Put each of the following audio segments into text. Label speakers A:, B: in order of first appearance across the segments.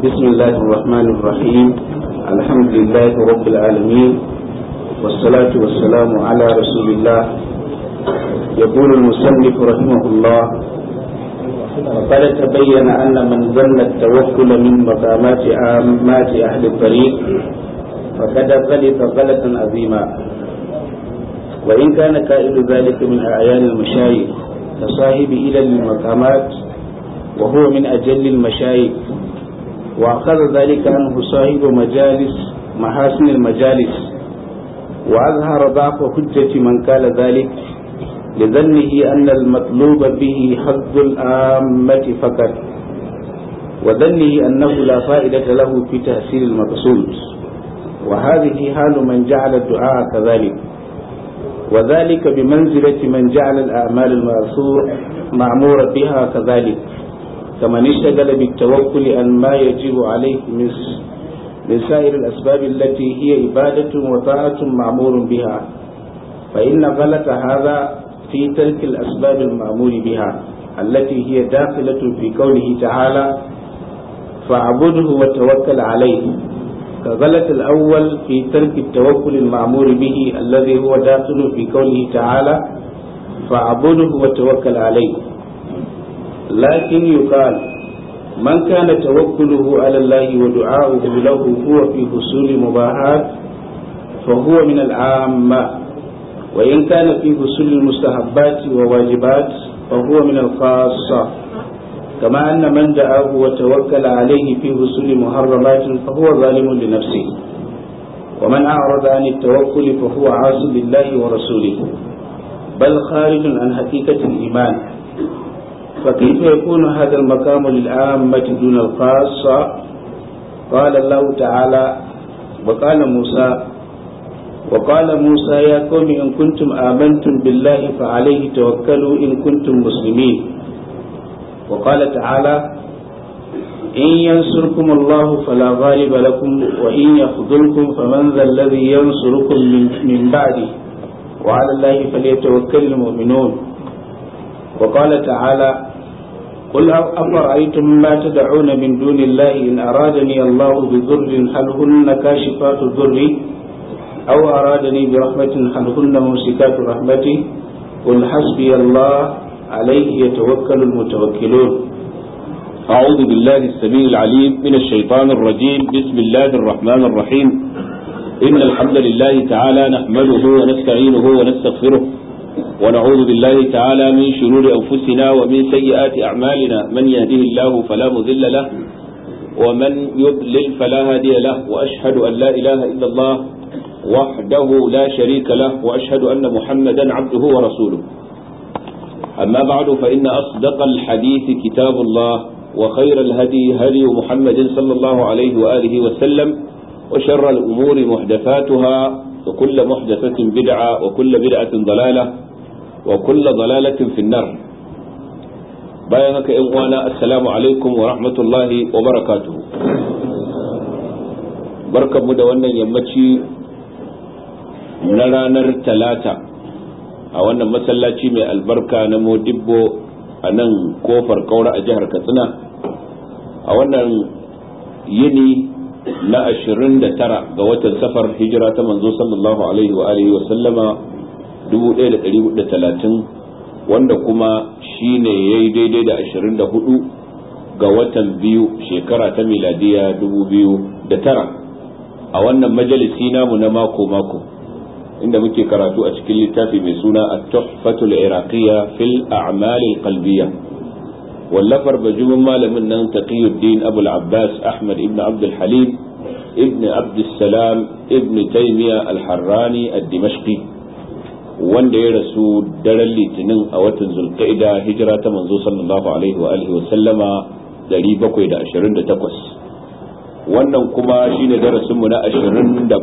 A: بسم الله الرحمن الرحيم الحمد لله رب العالمين والصلاة والسلام على رسول الله يقول المسلف رحمه الله وقد تبين أن من ظن التوكل من مقامات عامات أهل الطريق فقد غلط غلطا عظيما وإن كان قائل ذلك من أعيان المشايخ فصاحب إلى المقامات وهو من أجل المشايخ وأخذ ذلك عنه صاحب مجالس محاسن المجالس وأظهر ضعف حجة من قال ذلك لظنه أن المطلوب به حظ العامة فقط وظنه أنه لا فائدة له في تحصيل المقصود وهذه حال من جعل الدعاء كذلك وذلك بمنزلة من جعل الأعمال معمورة بها كذلك كمن اشتغل بالتوكل عن ما يجب عليه من من سائر الأسباب التي هي عبادة وطاعة معمور بها فإن غلط هذا في ترك الأسباب المامور بها التي هي داخلة في قوله تعالى فاعبده وتوكل عليه كغلط الأول في ترك التوكل المامور به الذي هو داخل في قوله تعالى فاعبده وتوكل عليه لكن يقال من كان توكله على الله ودعاؤه له هو في حصول مباحات فهو من العامة وإن كان في حصول المستحبات وواجبات فهو من الخاصة كما أن من دعاه وتوكل عليه في حصول محرمات فهو ظالم لنفسه ومن أعرض عن التوكل فهو عاص لله ورسوله بل خارج عن حقيقة الإيمان فكيف يكون هذا المقام للعامة دون الخاصة قال الله تعالى وقال موسى وقال موسى يا قوم إن كنتم آمنتم بالله فعليه توكلوا إن كنتم مسلمين وقال تعالى إن ينصركم الله فلا غالب لكم وإن يخذلكم فمن ذا الذي ينصركم من بعده وعلى الله فليتوكل المؤمنون وقال تعالى قل أفرأيتم ما تدعون من دون الله إن أرادني الله بضر هل هن كاشفات ضري أو أرادني برحمة هل هن ممسكات رحمتي قل حسبي الله عليه يتوكل المتوكلون
B: أعوذ بالله السميع العليم من الشيطان الرجيم بسم الله الرحمن الرحيم إن الحمد لله تعالى نحمده ونستعينه ونستغفره ونعوذ بالله تعالى من شرور أنفسنا ومن سيئات أعمالنا من يهده الله فلا مذل له ومن يضلل فلا هادي له وأشهد أن لا إله إلا الله وحده لا شريك له وأشهد أن محمدا عبده ورسوله أما بعد فإن أصدق الحديث كتاب الله وخير الهدي هدي محمد صلى الله عليه وآله وسلم وشر الأمور محدثاتها وكل محدثة بدعة وكل بدعة ضلالة وكل ضلالة في النار بايعك إخوانا السلام عليكم ورحمة الله وبركاته barkan mu da wannan yammaci na ranar talata a wannan masallaci mai albarka na modibbo a nan kofar kaura a jihar katsina a wannan yini na 29 ga watan safar hijira ta manzo sallallahu alaihi wa alihi wa sallama 1430 wanda kuma shine yayi daidai da 24 ga watan biyu shekara ta miladiya tara. a wannan majalisi namu na mako mako inda muke karatu a cikin littafi mai suna at-tuhfatul iraqiyya fil a'mal al-qalbiyya wallafar bajumin malamin nan taqiyuddin abul abbas ahmad ibn abdul ibn abdul salam ibn taymiya al-harrani ad-dimashqi wanda ya rasu daren litinin a watan zulqa'ida hijira ta manzo sallallahu alaihi wa alihi wa sallama 728 wannan kuma shine darasin mu na 27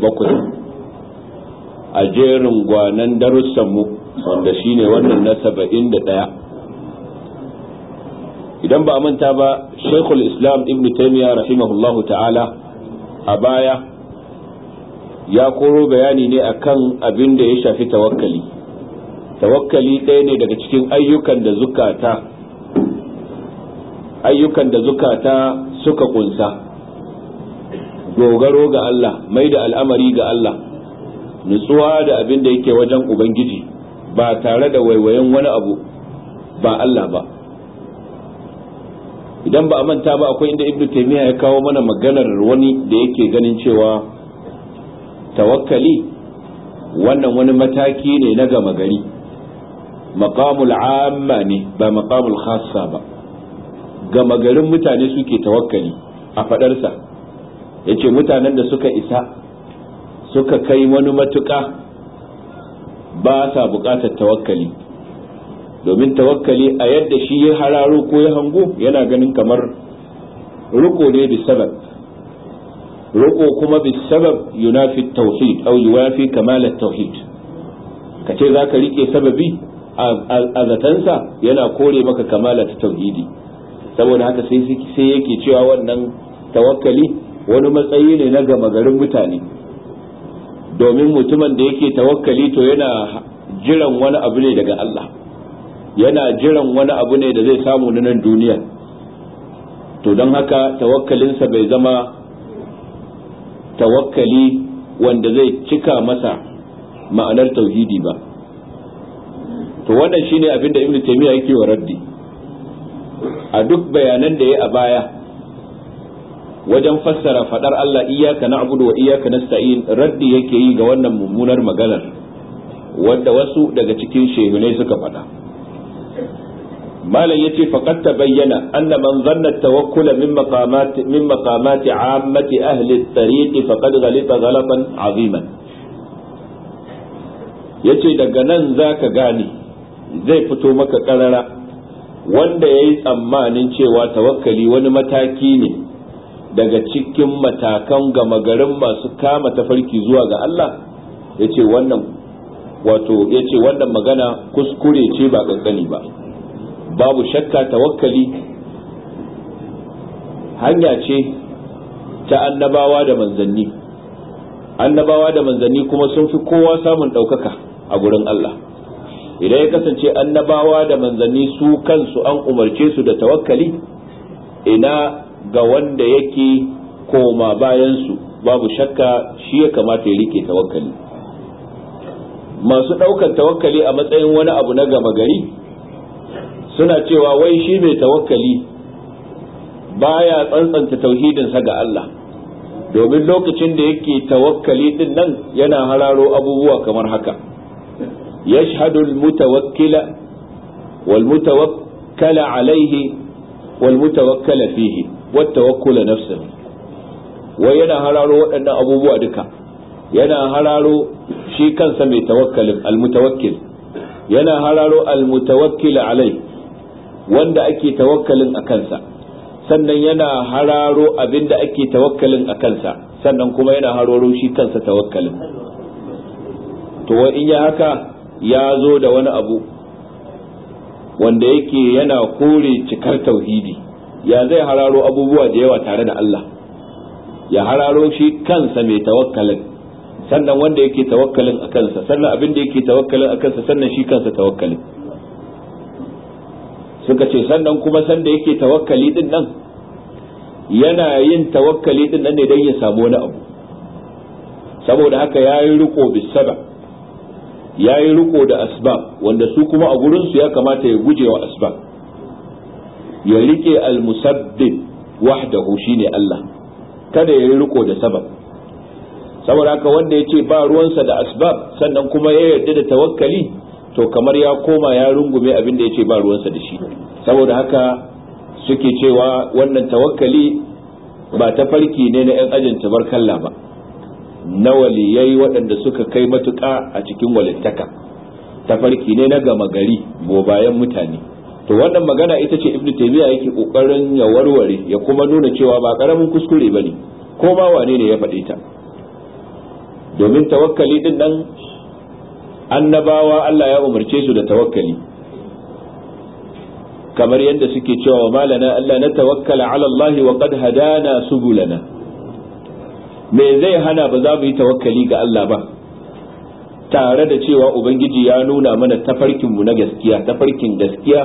B: a jerin gwanan darussanmu wanda shi ne wannan na 71 idan ba a manta ba shaykhul islam ibn taymiya rahimahullahu ta'ala a baya ya koro bayani ne akan abin da ya shafi tawakkali tawakkali ɗaya ne daga cikin ayyukan da zukata ayyukan da zukata suka kunsa dogaro ga Allah mai da al'amari ga Allah nutsuwa da abin da yake wajen ubangiji ba tare da waiwayen wani abu ba Allah ba idan ba a manta ba akwai inda ibnu taymiya ya kawo mana maganar wani da yake ganin cewa tawakkali wannan wani mataki ne na gama gari maqamul amma ne ba maqamul khassa ba gama garin mutane suke tawakkali a fadarsa yace mutanen da suka isa suka kai wani matuƙa ba sa buƙatar tawakkali domin tawakkali a yadda shi ya hararo ko ya hango yana ganin kamar ruko ne bi sabab ruko kuma bi sabab yunafi tauhid au yuwafi kamal tauhid ka ce rike sababi a zatansa yana kore maka ta tauhidi saboda haka sai yake cewa wannan tawakkali wani matsayi ne na gama garin mutane domin mutumin da yake tawakkali to yana jiran wani abu ne daga Allah yana jiran wani abu ne da zai samu na nan duniya to don haka tawakkalinsa bai zama tawakkali wanda zai cika masa ma'anar tauhidi ba to wannan shine abin da ibnu taymiya yake wa raddi a duk bayanan da ya a baya wajen fassara fadar Allah iyyaka na'budu wa iyyaka nasta'in raddi yake yi ga wannan mummunar maganar wadda wasu daga cikin shehunai suka faɗa. malam yace faqad tabayyana anna man zanna tawakkula min maqamat min maqamat ammati ahli at-tariq faqad ghalita ghalaban aziman yace daga nan zaka gane zai fito maka karara wanda yayi tsammanin cewa tawakkali wani mataki ne daga cikin matakan gama garin masu kama tafarki zuwa ga Allah yace wannan wato yace wannan magana kuskure ce ba kankani ba babu shakka tawakkali hanya ce ta annabawa da manzanni annabawa da manzanni kuma sun fi kowa samun ɗaukaka a gurin Allah idan ya kasance annabawa da manzanni su kansu an umarce su da tawakkali ina ga wanda yake koma bayansu babu shakka shi ya kamata ya rike tawakkali masu ɗaukar tawakkali a matsayin wani abu na gama gari suna cewa wai shi mai tawakkali baya tsantsanta tauhidinsa ga Allah domin lokacin da yake tawakkali din nan yana hararo abubuwa kamar haka yashhadu almutawakkila walmutawakkala alaihi walmutawakkala fihi wattawakkula nafsihi wai yana hararo waɗannan abubuwa duka yana hararo shi kansa mai tawakkalin almutawakkil yana hararo almutawakkil alai wanda ake tawakkalin a kansa sannan yana hararo abin da ake tawakkalin a kansa sannan kuma yana hararo shi kansa tawakkalin to in ya haka ya zo da wani abu wanda yake yana kore cikar tauhidi ya zai hararo abubuwa da yawa tare da Allah ya hararo shi kansa mai tawakkalin sannan wanda yake tawakkalin a kansa sannan abin da yake tawakkalin a kansa sannan shi kansa tawakkalin suka ce sannan kuma sanda yake tawakkali din nan yana yin tawakkali din nan ne don ya samu wani abu saboda haka ya yi riko bisaba ya yi riko da asbab wanda su kuma a gurinsu ya kamata ya guje wa asbab ya rike almusabbib wahdahu shine Allah kada ya yi riko da sabab saboda haka wanda ya ce ba ruwansa da asbab sannan kuma ya yarda da tawakkali to kamar ya koma ya rungume abin da yake ba ruwansa da shi saboda haka suke cewa wannan tawakkali ba ta farki ne na yan ajin tabarkalla ba na waliyai waɗanda suka kai matuƙa a cikin walittaka farki ne na gama gari bayan mutane to wannan magana ita ce ibnu taymiya yake kokarin ya warware ya kuma nuna cewa ba karamin kuskure bane ko ba wane ne ya faɗe ta domin tawakkali din nan annabawa Allah ya umarce su da tawakkali kamar yadda suke cewa wa malana Allah na tawakkala ala Allah wa qad hadana subulana me zai hana ba za mu yi tawakkali ga Allah ba tare da cewa ubangiji ya nuna mana tafarkin mu na gaskiya tafarkin gaskiya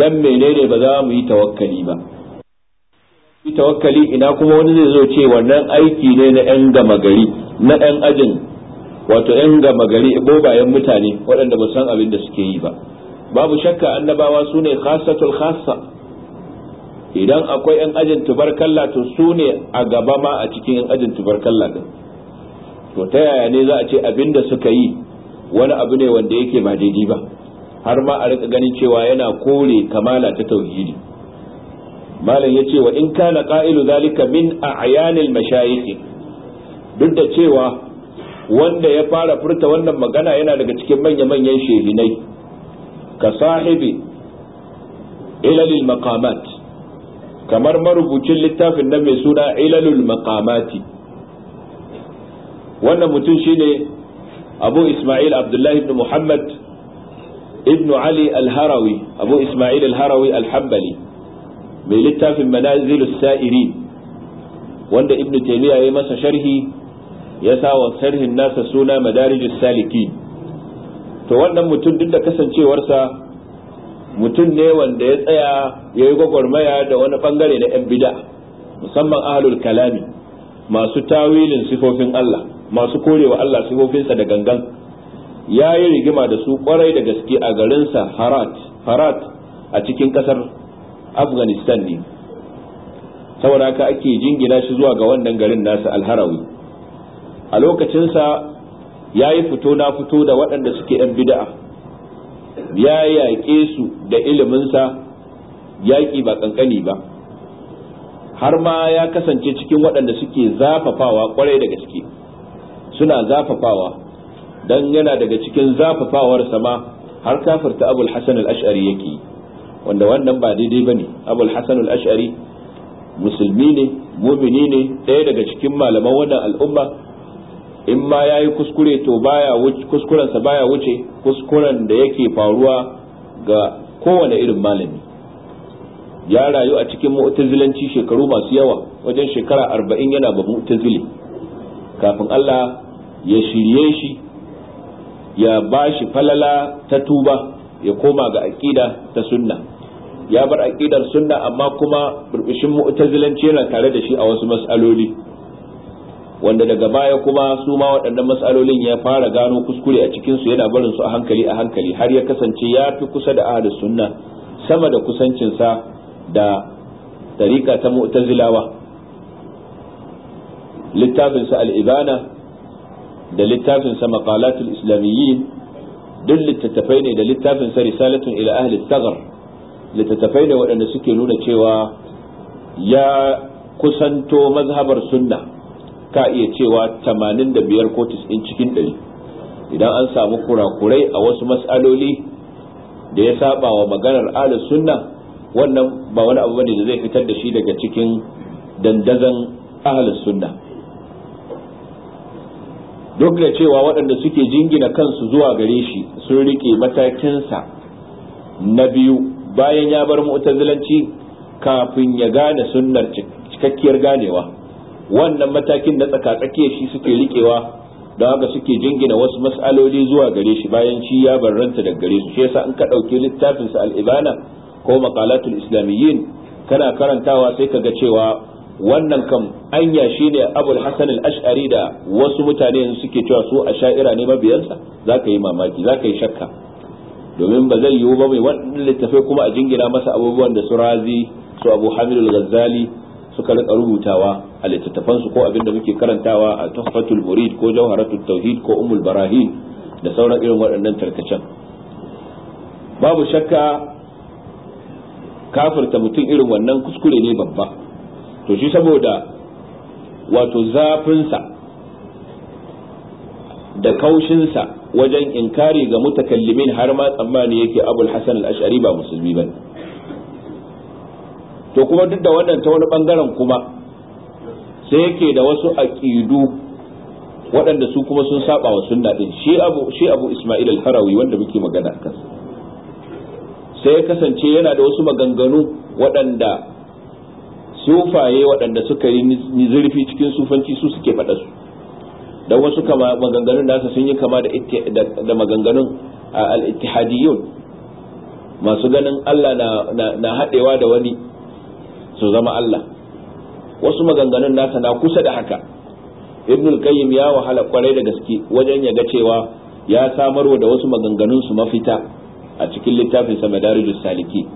B: dan menene ba za mu yi tawakkali ba tawakkali ina kuma wani zai zo ce wannan aiki ne na 'yan gama gari na 'yan ajin wato yan gama gari bobayen mutane waɗanda ba san abin da suke yi ba babu shakka annabawa su ne khasatul khassa idan akwai yan ajin tubarkalla to su ne a gaba ma a cikin yan ajin tubarkalla din to ta yaya ne za a ce abin da suka yi wani abu ne wanda yake ba daidai ba har ma a rika ganin cewa yana kore kamala ta tauhidi malam yace wa in kana qa'ilu zalika min a'yanil mashayikh duk da cewa wanda ya fara furta wannan magana yana daga cikin manya-manyan shehinai ka sahibi ilalil maqamat kamar marubucin littafin nan mai suna ilalul maqamati wannan mutum shine abu isma'il abdullahi ibn muhammad ibn ali al-harawi abu isma'il al-harawi al mai littafin manazilus sa'irin wanda ibn taymiya ya masa sharhi ya sa wa sarhin nasa suna madarijus saliki to wannan mutum duk da kasancewarsa mutum ne wanda ya tsaya ya yi gwagwarmaya da wani bangare na 'yan bida musamman ahlul kalami masu tawilin sifofin Allah masu korewa Allah sifofinsa da gangan ya yi rigima da su kwarai da gaske a garinsa harat harat a cikin kasar afghanistan ne saboda haka ake jingina shi zuwa ga wannan garin nasa alharawi a lokacinsa ya yi fito na fito da waɗanda suke ɗan bida'a ya yaƙe su da iliminsa yaƙi ba ƙanƙani ba har ma ya kasance cikin waɗanda suke zafafawa ƙwarai da gaske suna zafafawa don yana daga cikin zafafawar sama har kafirta abul hasan al-ash'ari yake wanda wannan ba daidai ba ne abul hasan al-ash'ari musulmi ne mumini ne ɗaya daga cikin malaman wannan al'umma in ma yi kuskure to baya kuskurensa baya wuce kuskuren da yake faruwa ga kowane irin malami ya rayu a cikin mu'tazilanci shekaru masu yawa wajen shekara arba'in yana ba mu'tazili kafin Allah ya shirye shi ya ba shi falala ta tuba ya koma ga aƙida ta sunna ya bar aƙidar sunna amma kuma burbushin mu'tazilanci yana tare da shi a wasu mas'aloli wanda daga baya kuma su ma waɗannan matsalolin ya fara gano kuskure a cikinsu yana barin su a hankali a hankali har ya kasance ya fi kusa da ahlus sunna sama da kusancinsa da tariqa ta mu'tazilawa littafin sa al-ibana da littafin sa maqalatul islamiyyin duk littattafai ne da littafin sa risalatun ila ahli tagar littattafai ne waɗanda suke nuna cewa ya kusanto mazhabar sunna ka iya cewa 85 ko 90 cikin ɗari idan an samu kurakurai a wasu matsaloli da ya saba wa maganar ala sunna wannan ba wani abu bane da zai fitar da shi daga cikin dandazan ahlus sunna duk da cewa waɗanda suke jingina kansu zuwa gare shi sun rike matakinsa na biyu bayan ya bar mu'tazilanci kafin ya gane sunnar cikakkiyar ganewa wannan matakin na tsakatsakiya shi suke rikewa da haka suke jingina wasu mas'aloli zuwa gare shi bayan shi ya barranta da gare su shi yasa in ka ɗauki littafin sa al ko maqalatul islamiyyin kana karantawa sai ka ga cewa wannan kam anya shi ne abul hasan al-ash'ari da wasu mutane suke cewa su a sha'ira ne mabiyansa zaka yi mamaki zaka yi shakka domin ba zai yiwu ba mai wannan littafai kuma a jingina masa abubuwan da su razi su abu hamid al-ghazali suka rika rubutawa a littattafan su ko abin da muke karantawa a tuhfatul murid ko jawharatul tauhid ko umul barahin da sauran irin waɗannan tarkacen babu shakka kafirta mutum irin wannan kuskure ne babba to shi saboda wato zafinsa da kaushinsa wajen inkari ga mutakallimin har ma tsammani yake abul hasan al-ash'ari ba musulmi bane to kuma duk da wannan ta wani bangaren kuma sai yake da wasu aqidu waɗanda su kuma sun saba wa sunna din shi abu shi abu Isma'il al-Harawi wanda muke magana kan sai ya kasance yana da wasu maganganu waɗanda sufaye waɗanda suka yi nizurfi cikin sufanci su suke faɗa su don wasu kama maganganun nasa sun yi kama da maganganun al-ittihadiyun masu ganin Allah na haɗewa da wani su zama Allah wasu maganganun nasa na kusa da haka ibnul qayyim ya wahala kwarai da gaske wajen ya ga cewa ya samarwa da wasu maganganun su mafita a cikin littafin sa madarijus saliki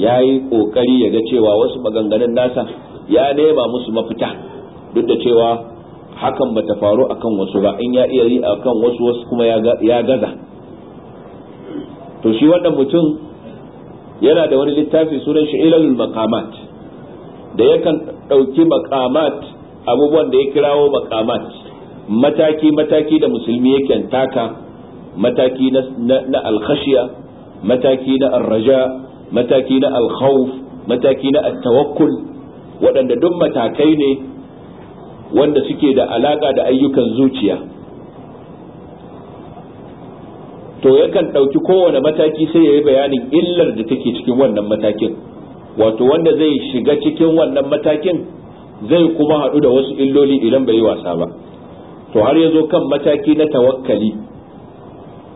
B: ya yi kokari ya ga cewa wasu maganganun nasa ya nema musu mafita duk da cewa hakan bata faru akan wasu ba in ya iya yi akan wasu wasu kuma ya gaza to shi wannan mutum yana da wani littafi sunan shi ilalul maqamat da yakan ɗauki makamat abubuwan da ya kirawo makamat mataki-mataki da musulmi yakan taka mataki na alkhashiya mataki na arraja mataki na alkhawf mataki na tawakkul waɗanda duk matakai ne wanda suke da alaƙa da ayyukan zuciya to yakan ɗauki kowane mataki sai ya yi bayanin illar da take cikin wannan matakin wato wanda zai shiga cikin wannan matakin zai kuma haɗu da wasu illoli idan bai yi wasa ba to har ya zo kan mataki na tawakkali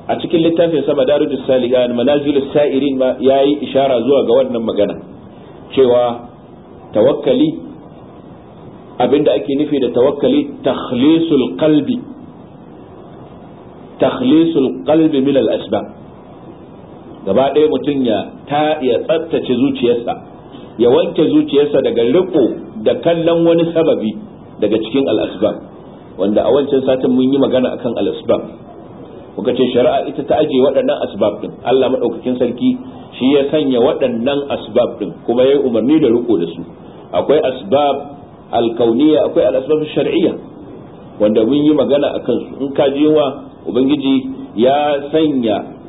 B: a cikin littafin sama darujus salihan manazilus sa'irin ma yayi ishara zuwa ga wannan magana cewa tawakkali abinda ake nufi da tawakkali takhlisul qalbi takhlisul qalbi min al asbab gaba ɗaya mutum ya ta ya tsaftace zuciyarsa ya wanke zuciyarsa daga riko da kallon wani sababi daga cikin al'asbab wanda a wancan satin mun yi magana akan al'asbab kuka ce shari'a ita ta aje waɗannan asbab din Allah madaukakin sarki shi ya sanya waɗannan asbab din kuma yayi umarni da riko da su akwai asbab alkauniya akwai al'asbab shar'iyya wanda mun yi magana akan su in ka ji wa ubangiji ya sanya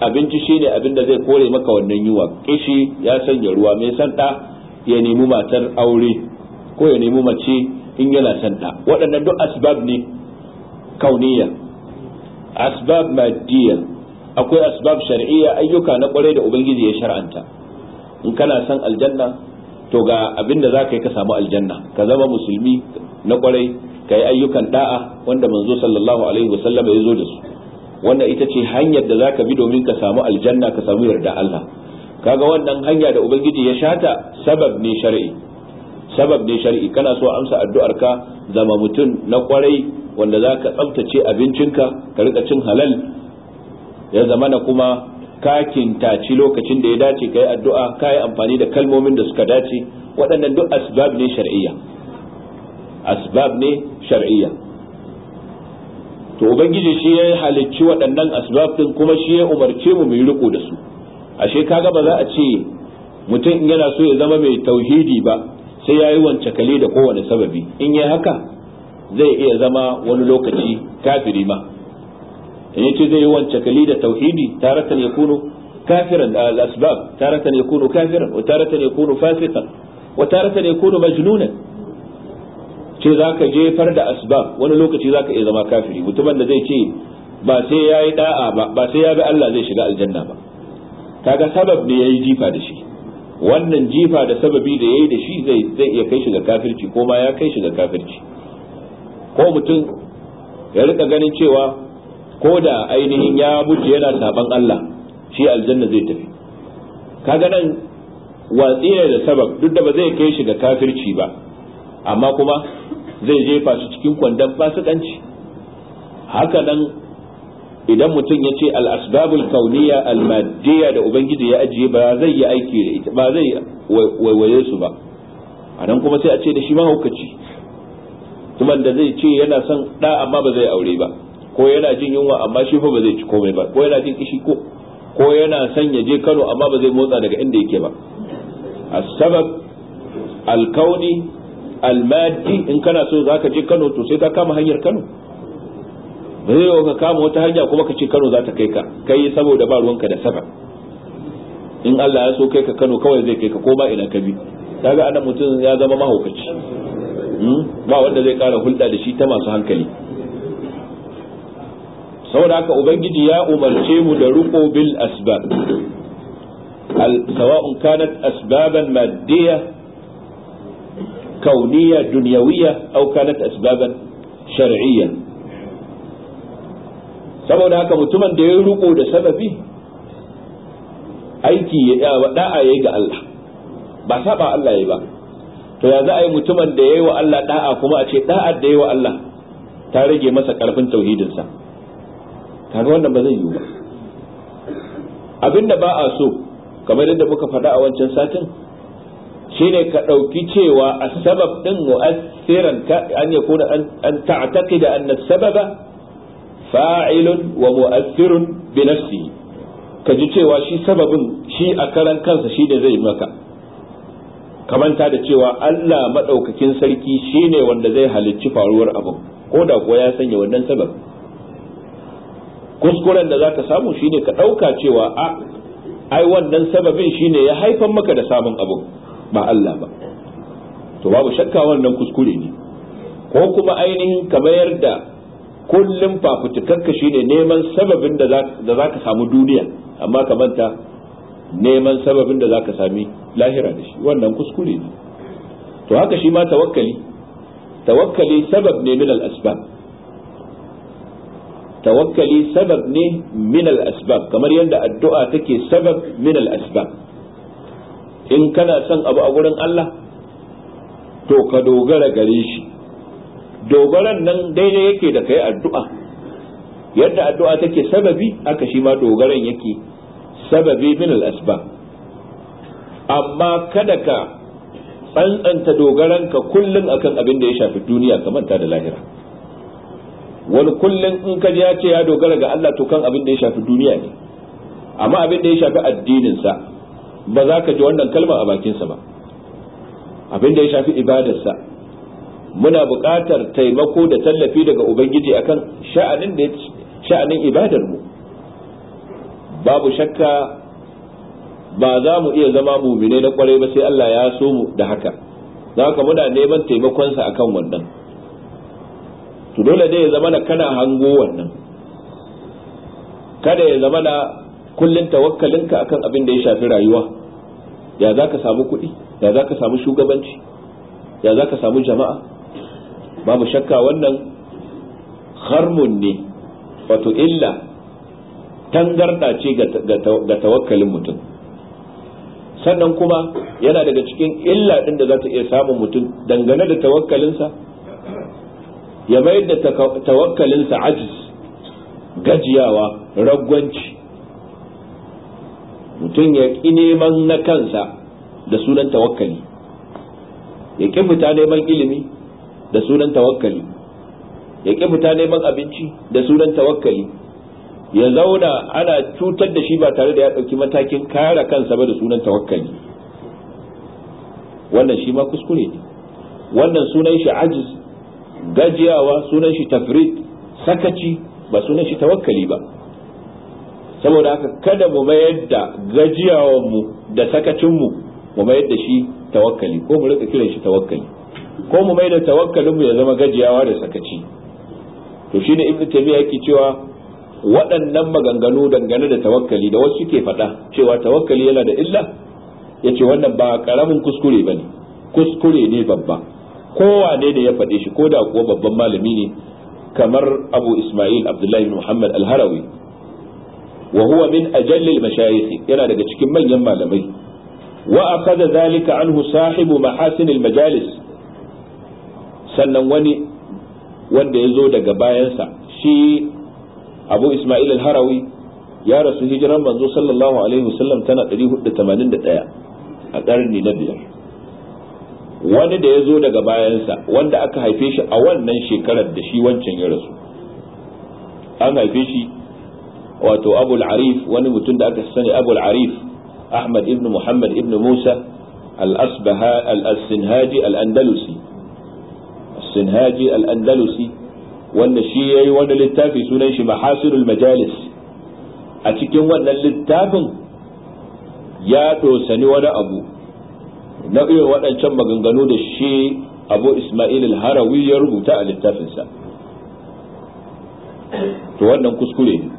B: abinci ne abin da zai kore maka wannan yunwa kishi ya sanya ruwa mai san ya nemi matar aure ko ya nemi mace in yana san waɗannan duk asbab ne kauniya asbab maddiya akwai asbab shari'iyya ayyuka na ƙwarai da ubangiji ya shar'anta in kana san aljanna to ga abin da za ka yi ka samu aljanna ka zama musulmi na ƙwarai, ka yi ayyukan da'a wanda manzo sallallahu alaihi wasallam ya zo da su wannan ita ce hanyar da za ka bi domin ka samu aljanna ka samu yarda Allah kaga wannan hanya da ubangiji ya shata sabab ne shar'i sabab ne shar'i kana so amsa addu'ar ka zama mutum na kwarai wanda zaka tsaftace abincinka ka rika cin halal ya zama na kuma ka kintaci lokacin da ya dace ka yi addu'a ka yi amfani da kalmomin da suka dace waɗannan duk asbab ne shar'iyya asbab ne shar'iyya to ubangiji shi ya halicci waɗannan asbab din kuma shi ya umarce mu mai riko da su ashe kaga ba za a ce mutum in yana so ya zama mai tauhidi ba sai ya yi wance kale da kowane sababi in yi haka zai iya zama wani lokaci kafiri ma in yace zai yi wancan kale da tauhidi taratan kuno kafiran al asbab taratan kuno kafiran wa taratan kuno fasikan, wa taratan kuno majnunan ce za ka jefar da asbab wani lokaci za ka iya zama kafiri mutumin da zai ce ba sai ya yi da'a ba ba sai ya bi Allah zai shiga aljanna ba kaga sabab ne ya yi jifa da shi wannan jifa da sababi da ya yi da shi zai iya kai shi ga kafirci ko ma ya kai shi ga kafirci ko mutum ya rika ganin cewa ko da ainihin ya mutu yana saban Allah shi aljanna zai tafi kaga nan watsi ne da sabab duk da ba zai kai shi ga kafirci ba amma kuma zai jefa su cikin kwandon fasikanci haka nan idan mutum ya ce al'asbabul kauniya almadiya da ubangiji ya ajiye ba zai yi aiki da ita ba zai waiwaye su ba a nan kuma sai a ce da shi mahaukaci kuma da zai ce yana son ɗa amma ba zai aure ba ko yana jin yunwa amma shi fa ba zai ci komai ba ko yana jin kishi ko ko yana son ya je Kano amma ba zai motsa daga inda yake ba as-sabab al-kauni almadi in kana so za ka je kano to sai ka kama hanyar kano ba zai ka kama wata hanya kuma ka ce kano za ta kai ka kai saboda ba ruwanka da saba in Allah ya so kai ka kano kawai zai kai ka ko ba ina ka bi kaga anan mutum ya zama mahaukaci hmm? ba wanda zai kara hulɗa da shi ta masu hankali saboda haka ubangiji ya umarce mu da ruko bil asbab sawa'un kanat asbaban maddiyah كونية دنيوية أو كانت أسبابا شرعية saboda haka mutumin da ya ruko da sababi aiki da'a ya yi ga Allah ba saba Allah ya ba to ya za a yi mutumin da ya yi wa Allah da'a kuma a ce da'ar da ya yi wa Allah ta rage masa karfin tauhidinsa kaga wannan ba zai yiwu ba abinda ba a so kamar yadda muka faɗa a wancan satin shine ka ɗauki cewa a sabab ɗin mu'assiran an ya kuna an ta'ataki da anna sababa fa'ilun wa mu'assirun bi nafsi ka ji cewa shi sababin shi a karan kansa shi da zai maka kamanta da cewa Allah maɗaukakin sarki shine wanda zai halicci faruwar abu ko da kuwa ya sanya wannan sabab kuskuren da zaka samu shine ka ɗauka cewa a ai wannan sababin shine ya haifar maka da sabon abu ba Allah ba to babu shakka wannan kuskure ne ko kuma ainihin ka mayar da kullum fafutukarka shine neman sababin da za ka samu duniya amma ka manta neman sababin da za ka sami lahira da shi wannan kuskure ne to haka shi ma tawakkali tawakkali sabab ne min al-asbab tawakkali sabab ne min al-asbab kamar yadda addu'a take sabab min al-asbab in kana son abu a gurin Allah to ka dogara gare shi dogaran nan daidai yake da kai addu'a yadda addu'a take sababi haka shi ma dogaran yake sababi min al-asbab amma kada ka tsantsanta ka kullum akan abin da ya shafi duniya ka manta da lahira wani kullum in ka ji ya ce ya dogara ga Allah to kan abin da ya shafi duniya ne amma abin da ya shafi addininsa ba za ka ji wannan kalma a bakinsa ba abin da ya shafi ibadarsa muna buƙatar taimako da tallafi daga ubangiji akan sha'anin da sha'anin ibadar mu babu shakka ba za mu iya zama mumine na kwarai ba sai Allah ya so mu da haka za ka muna neman taimakonsa akan wannan to dole dai ya zama na kana hango wannan kada ya zama na kullun tawakkalinka akan abin da ya shafi rayuwa ya za ka samu kuɗi ya za ka samu shugabanci ya za ka samu jama'a Ba mu shakka wannan harmon ne wato illa tangarda ce ga tawakkalin mutum sannan kuma yana daga cikin illa ɗin da za ta iya samun mutum dangane da tawakkalinsa ya mayar da tawakkalinsa ajiz gajiyawa ragwanci mutum ya ƙi neman na kansa da sunan tawakkali ya ƙi fita neman ilimi da sunan tawakkali ya ƙi fita neman abinci da sunan tawakkali ya zauna ana cutar da shi ba tare da ya ɗauki matakin kare kansa ba da sunan tawakkali wannan shi ma kuskure ne wannan sunan shi ajiz gajiyawa sunan shi tafrid sakaci ba sunan shi tawakkali ba saboda haka kada mu mayar da gajiyawanmu da sakacinmu mu mayar da shi tawakkali ko mu rika kiran shi tawakkali ko mu mayar da tawakkalinmu ya zama gajiyawa da sakaci to shine ibnu taymiya yake cewa waɗannan maganganu dangane da tawakkali da wasu suke faɗa cewa tawakkali yana da illa yace wannan ba karamin kuskure bane kuskure ne babba kowa ne da ya faɗe shi ko da kuwa babban malami ne kamar abu ismail abdullahi muhammad al-harawi Wahuwa huwa min ajallil mashayikh yana daga cikin manyan malamai wa akada zalika anhu sahibu mahasinil majalis sannan wani wanda ya zo daga bayansa shi abu ismail harawi ya rasu hijiran manzo sallallahu alaihi wasallam tana 481 a ƙarni na biyar wani da ya zo daga bayansa wanda aka haife shi a wannan shekarar da shi wancan ya rasu an haife shi wato abul arif wani mutum da aka sani abul arif ahmad ibn muhammad ibn musa al-sinhaji al-andalusi sinhaji al-andalusi wanda shi ya yi wani littafi sunan shi mahasirul majalis a cikin wannan littafin ya dosani wani abu na iya waɗancan maganganu da shi abu ismail harawi ya rubuta a littafinsa to wannan kuskure ne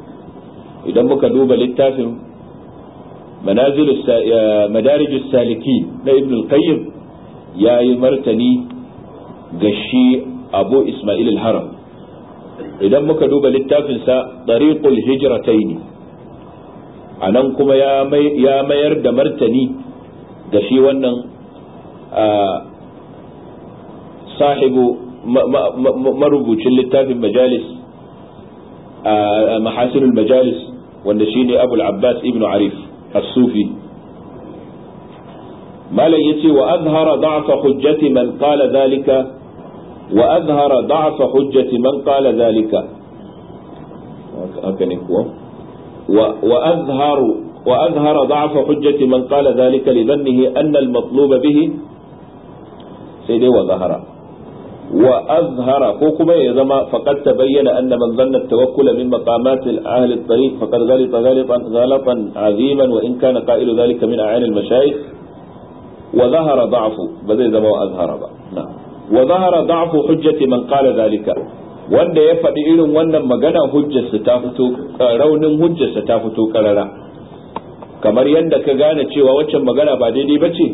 B: idan muka duba littafin madarijin saliki na ibn al-qayyim ya yi martani ga shi abu ismail al-haram idan muka duba littafinsa tariqul hijrataini a nan kuma ya mayar da martani da shi wannan sahibu marubucin littafin majalis a mahasinul majalis wanda shine abul abbas ibnu arif as-sufi malai yace wa azhara da'fa hujjati man qala dhalika wa azhara da'fa hujjati man qala dhalika haka ne kuwa wa azharu wa azhara da'fa hujjati man qala dhalika li dhannihi anna al-matlub bihi sai dai wa zahara wa azhara ko kuma ya zama faqad tabayyana anna man zanna at-tawakkul min maqamat ahli at-tariq faqad ghalita ghalatan ghalatan aziman wa in kana qa'ilu dhalika min a'yan al-mashayikh wa zahara da'fu ba zai zama wa azhara ba wa zahara da'fu hujjati man qala dhalika wanda ya faɗi irin wannan magana hujjarsa ta fito eh, raunin hujjarsa ta fito karara kamar yadda ka gane cewa waccan magana ba daidai ba ce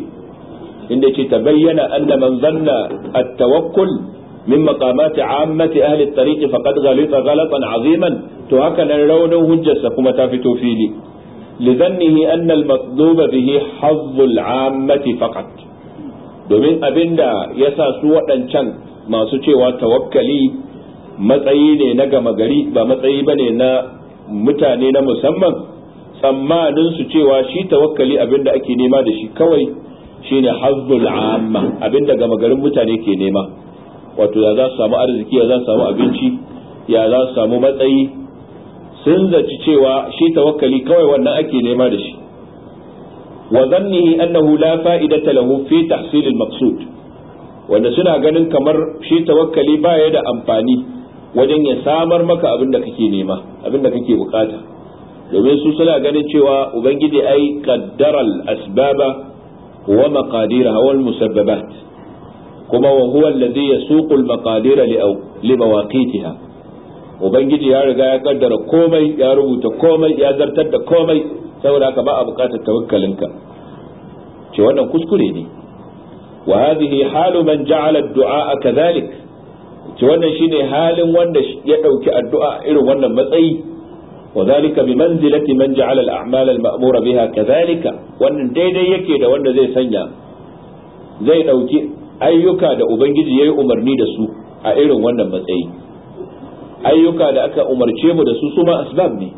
B: inda yake ta bayyana man zanna at-tawakkul min maqamati ammati ahli at-tariq faqad ghalita ghalatan aziman to haka nan raunin hujjarsa kuma ta fito fili لظنه أن المطلوب به حظ العامة فقط domin abin da ya sa su waɗancan masu cewa tawakkali matsayi ne na gama gari ba matsayi ba ne na mutane na musamman tsammanin su cewa shi tawakkali abin da ake nema da shi kawai shine hazzul amma abinda gama garin mutane ke nema wato ya za su samu arziki ya za su samu abinci ya za su samu matsayi sun zaci cewa shi tawakkali kawai wannan ake nema da shi wa zannihi annahu la fa'idata lahu fi tahsil al-maqsud wanda suna ganin kamar shi tawakkali baya da amfani wajen ya samar maka abin da kake nema abin da kake bukata domin su suna ganin cewa ubangiji ai qaddaral asbaba wa maqadiraha wal musabbabat kuma wa huwa alladhi yasuqu al maqadira li mawaqitiha ubangiji ya riga ya kaddara komai ya rubuta komai ya zartar da komai saboda haka ba a bukatar tawakkalinka ka. wannan kuskure ne wa hadhihi halu man ja'ala ad-du'a kadhalik ce wannan shine halin wanda ya ɗauki addu'a a irin wannan matsayi وذلك بمنزلة من جعل الأعمال المأمورة بها كذلك وأن دي يكي دا وأن زي سنيا زي دوكي أيوكا دا أبنجز يي أمرني دا سو أئرن وأن متأي أيوكا دا أكا أمرشي دا سو سما أسباب ني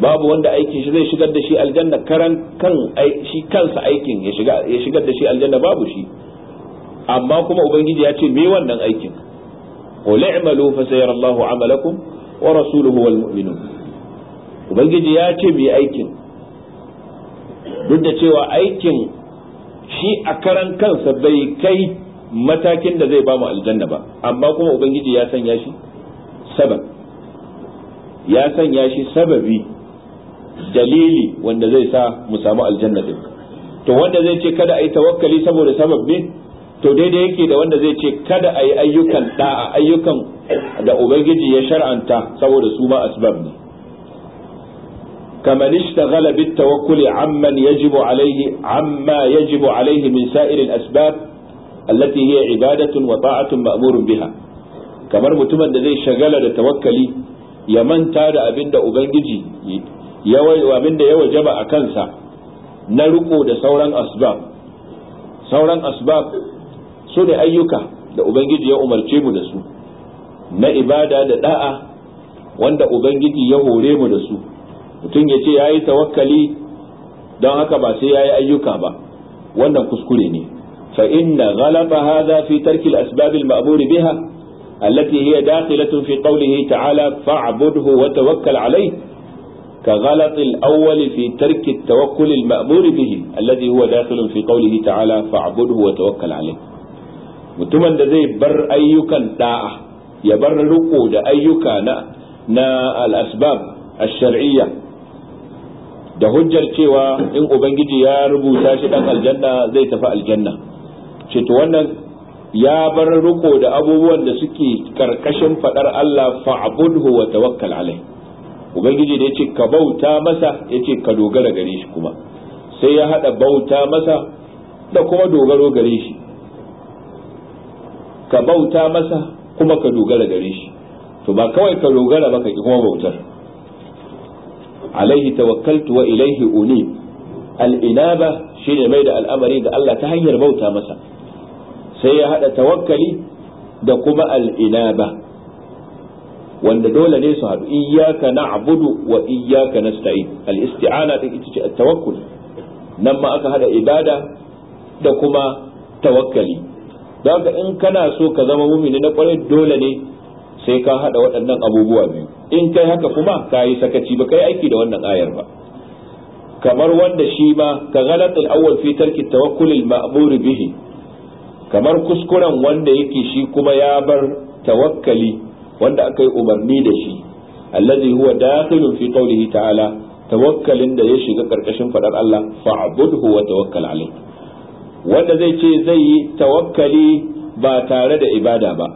B: babu wanda aiki shi zai shigar da shi aljanna karan kan shi kansa aikin ya shigar da shi aljanna babu shi amma kuma ubangiji ya ce me wannan aikin qul i'malu fa sayara Allahu 'amalakum wa rasuluhu wal ubangiji ya ce mu yi aikin duk da cewa aikin shi a karan kansa bai kai matakin da zai ba mu aljanna ba amma kuma ubangiji ya sanya shi sabab ya sanya shi sababi dalili wanda zai sa mu samu aljanna din to wanda zai ce kada a yi tawakkali saboda sabab ne to daidai yake da wanda zai ce kada a yi ayyukan da'a ayyukan da ubangiji ya shar'anta saboda su ma asbab ne كمن اشتغل بالتوكل عمن يجب عليه عما يجب عليه من سائر الأسباب التي هي عبادة وطاعة مأمور بها kamar mutumin da zai shagala da tawakkali ya manta da abin da ubangiji abin da ya wajaba a kansa na riko da sauran asbab sauran asbab su ne ayyuka da ubangiji ya umarce mu da su na ibada da da'a wanda ubangiji ya hore mu da su mutum ya ce ya yi tawakkali don haka ba sai ya yi ayyuka ba wannan kuskure ne fa inna ghalaba hadha fi tarki al-asbab al-ma'mur biha allati hiya dakhilatun fi qawlihi ta'ala fa'budhu wa tawakkal alayh ka ghalat al-awwal fi tarki at-tawakkul al-ma'mur bihi alladhi huwa dakhilun fi qawlihi ta'ala fa'budhu wa tawakkal alayh mutumin da zai bar ayyukan da'a ya bar riko da ayyuka na na al-asbab al-shar'iyya da hujjar cewa in ubangiji ya rubuta shi dan aljanna zai tafi aljanna ce to wannan ya bar riko da abubuwan da suke karkashin fadar Allah fa'budhu wa tawakkal alai ubangiji da yace ka bauta masa yace ka dogara gare shi kuma sai ya hada bauta masa da kuma dogaro gare shi ka bauta masa kuma ka dogara gare shi to ba kawai ka dogara ba ka kuma bautar alaihi tawakkaltu wa ilaihi uni al-inaba shine mai da al'amari da Allah ta hanyar bauta masa sai ya hada tawakkali da kuma al-inaba wanda dole ne su haɗu iyyaka na'budu wa iyyaka nasta'in al-isti'ana din ita ce at-tawakkul nan ma aka hada ibada da kuma tawakkali don in kana so ka zama mumini na kwarai dole ne sai ka haɗa waɗannan abubuwa biyu in kai haka kuma ka yi sakaci ba kai aiki da wannan ayar ba kamar wanda shi ma ka galatul awwal fi tarki tawakkul al bihi kamar kuskuren wanda yake shi kuma ya bar tawakkali wanda aka yi umarni da shi allazi huwa dakhilun fi qawlihi ta'ala tawakkalin da ya shiga karkashin fadar Allah fa'budhu wa tawakkal alayh wanda zai ce zai yi tawakkali ba tare da ibada ba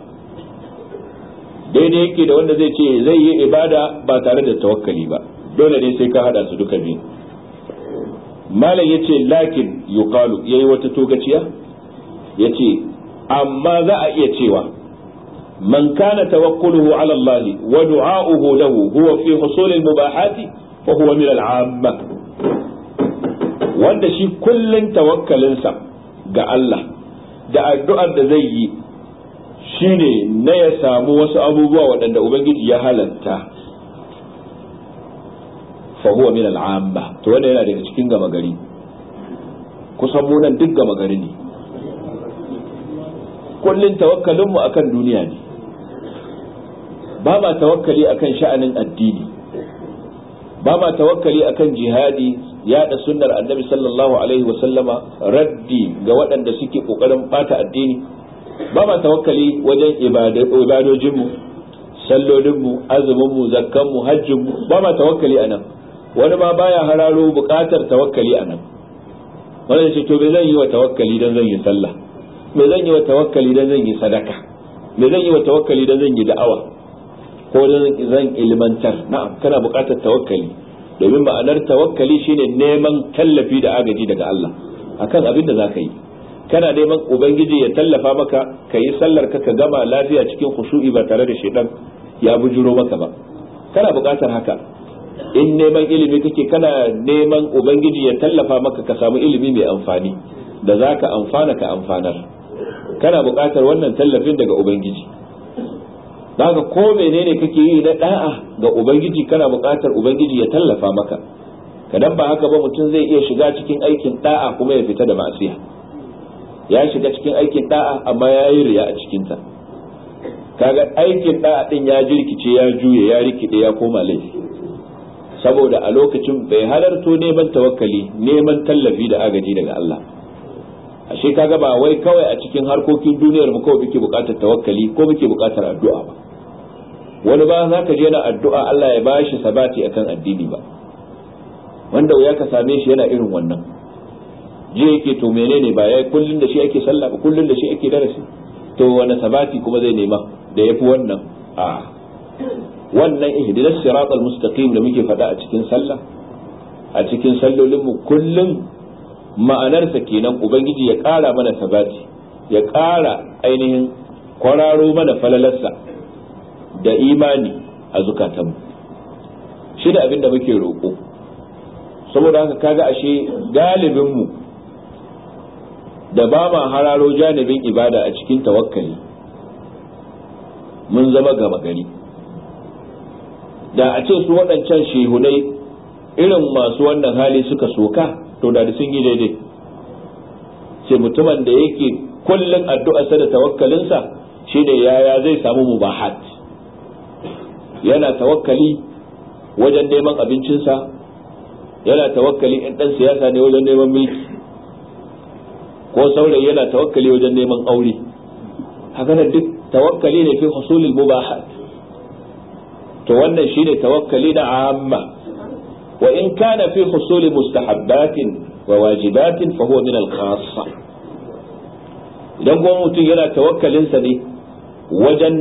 B: daidai yake da wanda zai ce zai yi ibada ba tare da tawakkali ba dole ne sai ka hada su duka biyu malam yace lakin yuqalu yayi wata togaciya yace amma za a iya cewa man kana tawakkuluhu ala Allah wa du'a'uhu lahu huwa fi husul al-mubahati fa huwa min al wanda shi kullun tawakkalinsa ga Allah da addu'ar da zai yi shine na ya samu wasu abubuwa waɗanda ubangiji ya halatta fahuwa min al'amma to wannan yana daga cikin gama gari kusan mu nan duk gama gari ne kullun tawakkalin mu akan duniya ne ba ma tawakkali akan sha'anin addini ba ma tawakkali akan jihadi yada sunnar annabi sallallahu alaihi wasallama raddi ga waɗanda suke ƙoƙarin ɓata addini ba ma tawakkali wajen ibadojinmu sallolinmu azuminmu zakkanmu hajjinmu ba ma tawakkali a nan wani ma baya hararo buƙatar tawakkali a nan wani ce to me zan yi wa tawakkali dan zan yi sallah me zan yi wa tawakkali dan zan yi sadaka me zan yi wa tawakkali dan zan yi da'awa ko dan zan ilmantar na'am kana buƙatar tawakkali domin ma'anar tawakkali shine neman tallafi da agaji daga Allah akan abin da zaka yi kana neman ubangiji ya tallafa maka ka yi sallar ka ka gama lafiya cikin khushu'i ba tare da shedan ya bujuro maka ba kana buƙatar haka in neman ilimi kake kana neman ubangiji ya tallafa maka ka samu ilimi mai amfani da za ka amfana ka amfanar kana buƙatar wannan tallafin daga ubangiji daga ko menene kake yi na da'a ga ubangiji kana buƙatar ubangiji ya tallafa maka kadan ba haka ba mutum zai iya shiga cikin aikin da'a kuma ya fita da masiya ya shiga cikin aikin da'a amma ya yi riya a cikinta kaga aikin da'a din ya jirkice ya juye ya rikide ya koma laifi saboda a lokacin bai halarto neman tawakkali neman tallafi da agaji daga Allah ashe kaga ba wai kawai a cikin harkokin duniyar mu kawai kike buƙatar tawakkali ko kike buƙatar addu'a ba wani ba za ka je na addu'a Allah ya bashi sabati akan addini ba wanda ya ka same shi yana irin wannan je yake to menene ba ya kullun da shi ake sallah ba kullun da shi ake darasi to wani sabati kuma zai nema da yafi wannan a wannan ihdinas siratal mustaqim da muke faɗa a cikin sallah a cikin sallolin mu kullun ma'anarsa kenan ubangiji ya ƙara mana sabati ya ƙara ainihin kwararo mana falalarsa da imani a zukatan shi da abin da muke roƙo saboda haka kaga ashe galibin mu da ba ma hararo janibin ibada a cikin tawakkali mun zama gaba gari da a ce su waɗancan shehunai irin masu wannan hali suka soka to da sun yi daidai ce mutumin da yake kullum addu'arsa da tawakkalinsa shi da yaya zai samu mubahat yana tawakkali wajen neman abincinsa yana tawakkali ɗan siyasa ne wajen neman milki ko saurayi yana tawakkali wajen neman aure haka nan duk tawakkali ne fi husulil mubahat to wannan shine tawakkali da amma wa in kana fi husuli mustahabbatin wa wajibatin fa huwa min al khassa idan kuma mutum yana tawakkalinsa ne wajen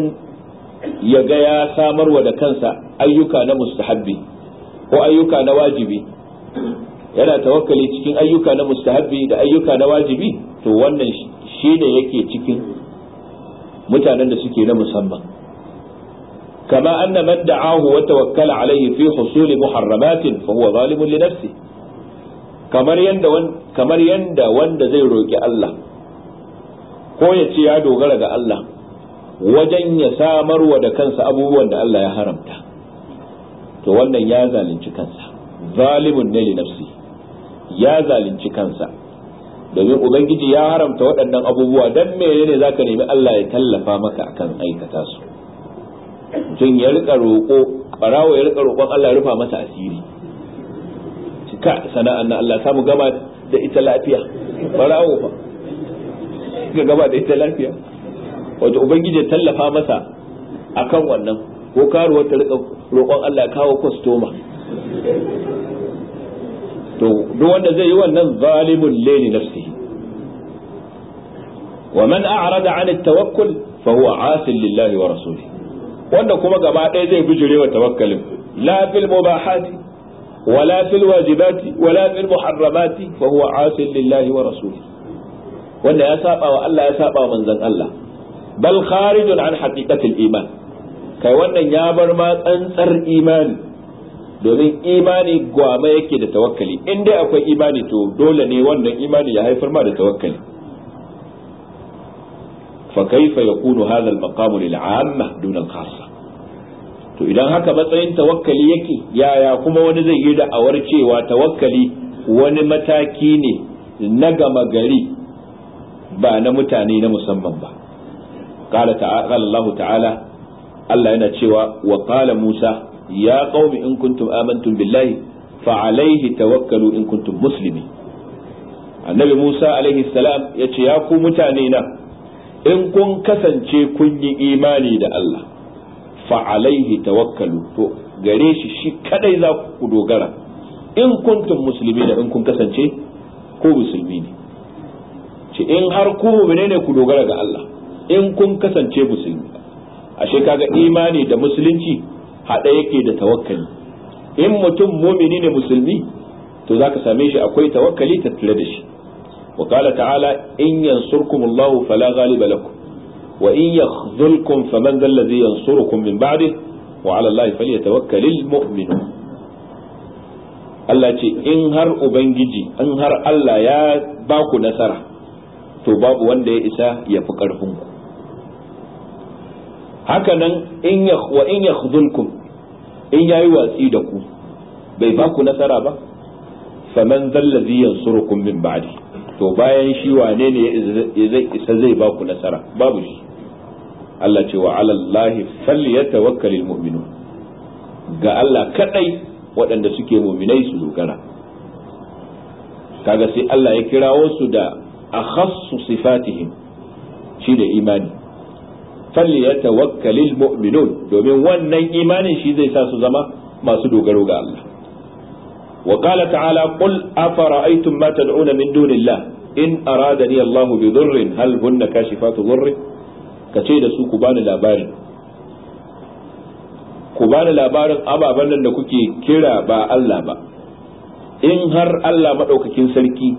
B: ya ga ya samarwa da kansa ayyuka na mustahabbi ko ayyuka na wajibi yana tawakkali cikin ayyuka na mustahabbi da ayyuka na wajibi to wannan shi ne yake cikin mutanen da suke na musamman kama anna man da'ahu wa tawakkala alayhi fi husul muharramatin fa huwa zalimun li nafsi kamar yanda kamar yanda wanda zai roki Allah ko ya ce ya dogara ga Allah wajen ya samarwa da kansa abubuwan da Allah ya haramta to wannan ya zalunci kansa zalimun ne li nafsi ya zalunci kansa domin ubangiji ya haramta waɗannan abubuwa dan menene zaka nemi Allah ya tallafa maka akan aikata su mutum ya rika roƙo barawo ya rika roƙon Allah ya rufa masa asiri cika sana'an na Allah samu gaba da ita lafiya barawo fa ga gaba da ita lafiya wato ubangiji ya tallafa masa akan wannan ko karuwar ta rika roƙon Allah ya kawo kwastoma to duk wanda zai yi wannan zalimun leni nafsihi wa man a'rada 'an at-tawakkul fa huwa 'asil lillahi wa rasulihi wanda kuma gaba ɗaya zai bijire wa tawakkalin la fil wa wala fil wajibati wala fil muharramati fa huwa 'asil lillahi wa rasulihi wanda ya saba wa Allah ya saba wa manzon Allah bal kharijun an haqiqatil iman kai wannan ya bar ma tsantsar imani domin imani gwama yake da tawakkali in dai akwai imani to dole ne wannan imani ya haifar ma da tawakkali fa kaifa yakunu hadha al maqam lil 'amma dun al-khassa to idan haka matsayin tawakkali yake yaya kuma wani zai yi da'awar cewa tawakkali wani mataki ne na gama gari ba na mutane na musamman ba qala ta'ala Allah ta'ala Allah yana cewa wa Musa ya qaumi in kuntum amantum billahi fa alaihi tawakkalu in kuntum muslimi annabi Musa alaihi salam yace ya ku mutane na in kun kasance kun yi imani da Allah fa alaihi tawakkalu to gare shi shi kadai za ku dogara in kuntum musulmi da in kun kasance ko musulmi ne in har ku mu'mine ne ku dogara ga Allah in kun kasance musulmi ashe kaga imani da musulunci haɗe yake da tawakkali in mutum mumini ne musulmi to zaka same shi akwai tawakkali tattare da shi wa qala ta'ala in yansurkumullahu fala ghaliba lakum wa in yakhzulkum faman dhal ladhi yansurukum min ba'dihi wa 'ala allahi falyatawakkalul mu'minun Allah ce in har ubangiji in har Allah ya ba ku nasara to babu wanda ya isa ya fi ƙarfinku haka nan in ya in yayi watsi da ku bai ba ku nasara ba faman zallazi yansurukum min ba'di to bayan shi wane ne zai isa zai ba ku nasara babu shi Allah ce wa ala Allah ga Allah kadai waɗanda suke mu'minai su dogara kaga sai Allah ya kirawo su da akhassu sifatihim shi da imani falyatawakkalil mu'minun domin wannan imanin shi zai sa su zama masu dogaro ga Allah wa qala ta'ala qul afara'aytum ma min dunillah in aradani Allah bi dhurrin hal hunna kashifatu dhurri da su ku bani labarin ku bani labarin ababen nan da kuke kira ba Allah ba in har Allah madaukakin sarki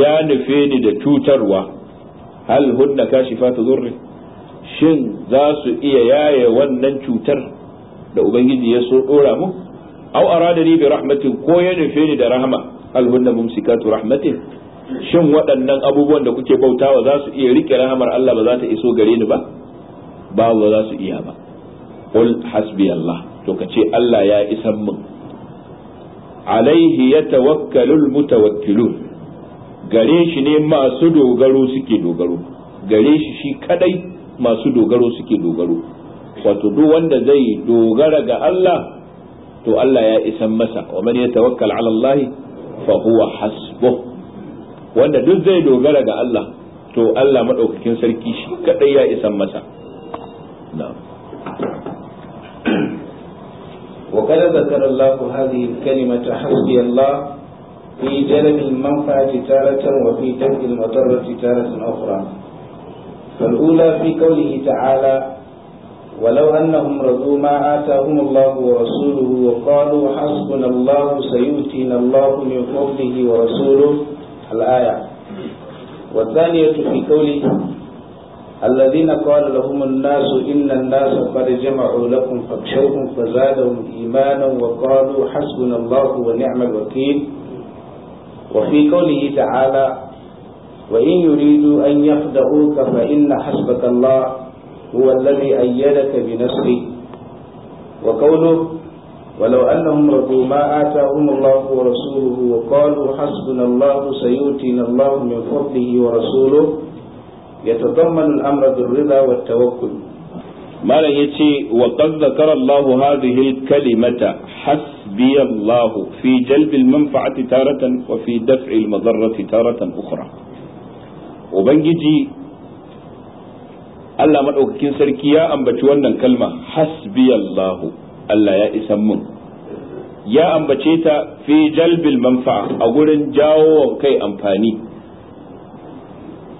B: ya nufe ni da cutarwa hal hunna kashifatu dhurri shin za su iya yaye wannan cutar da ubangiji ya so dora mu aw aradani bi rahmatin ko ya nufe ni da rahama hal hunna mumsikatu rahmatin shin waɗannan abubuwan da kuke bautawa za su iya rike rahamar Allah ba za ta iso gare ni ba ba ba za su iya ba qul hasbi Allah to kace Allah ya isan min alaihi yatawakkalu almutawakkilun gare shi ne masu dogaro suke dogaro gare shi shi kadai masu dogaro suke dogaro wato duk wanda zai dogara ga Allah to Allah ya isan masa wa man yatawakkal ala Allah fa huwa hasbuh wanda duk zai dogara ga Allah to Allah madaukakin sarki shi kadai ya isan masa na'am وقد ذكر الله هذه الكلمة حسبي الله
A: في جلب المنفعة تارة وفي دفع المضرة تارة أخرى فالأولى في قوله تعالى ولو أنهم رضوا ما آتاهم الله ورسوله وقالوا حسبنا الله سيؤتينا الله من فضله ورسوله الآية والثانية في قوله الذين قال لهم الناس إن الناس قد جمعوا لكم فاخشوهم فزادهم إيمانا وقالوا حسبنا الله ونعم الوكيل وفي قوله تعالى وإن يريدوا أن يخدعوك فإن حسبك الله هو الذي أيدك بنصره وقوله ولو أنهم رضوا ما آتاهم الله ورسوله وقالوا حسبنا الله سيؤتينا الله من فضله ورسوله يتضمن الأمر بالرضا والتوكل
B: ما يتي وقد ذكر الله هذه الكلمة حسبي الله في جلب المنفعة تارة وفي دفع المضرة تارة أخرى ubangiji Allah maɗaukakin sarki ya ambaci wannan kalma hasbiyallahu Allah ya isan mun ya ambace ta fi jalbil manfa'a a gurin jawo kai amfani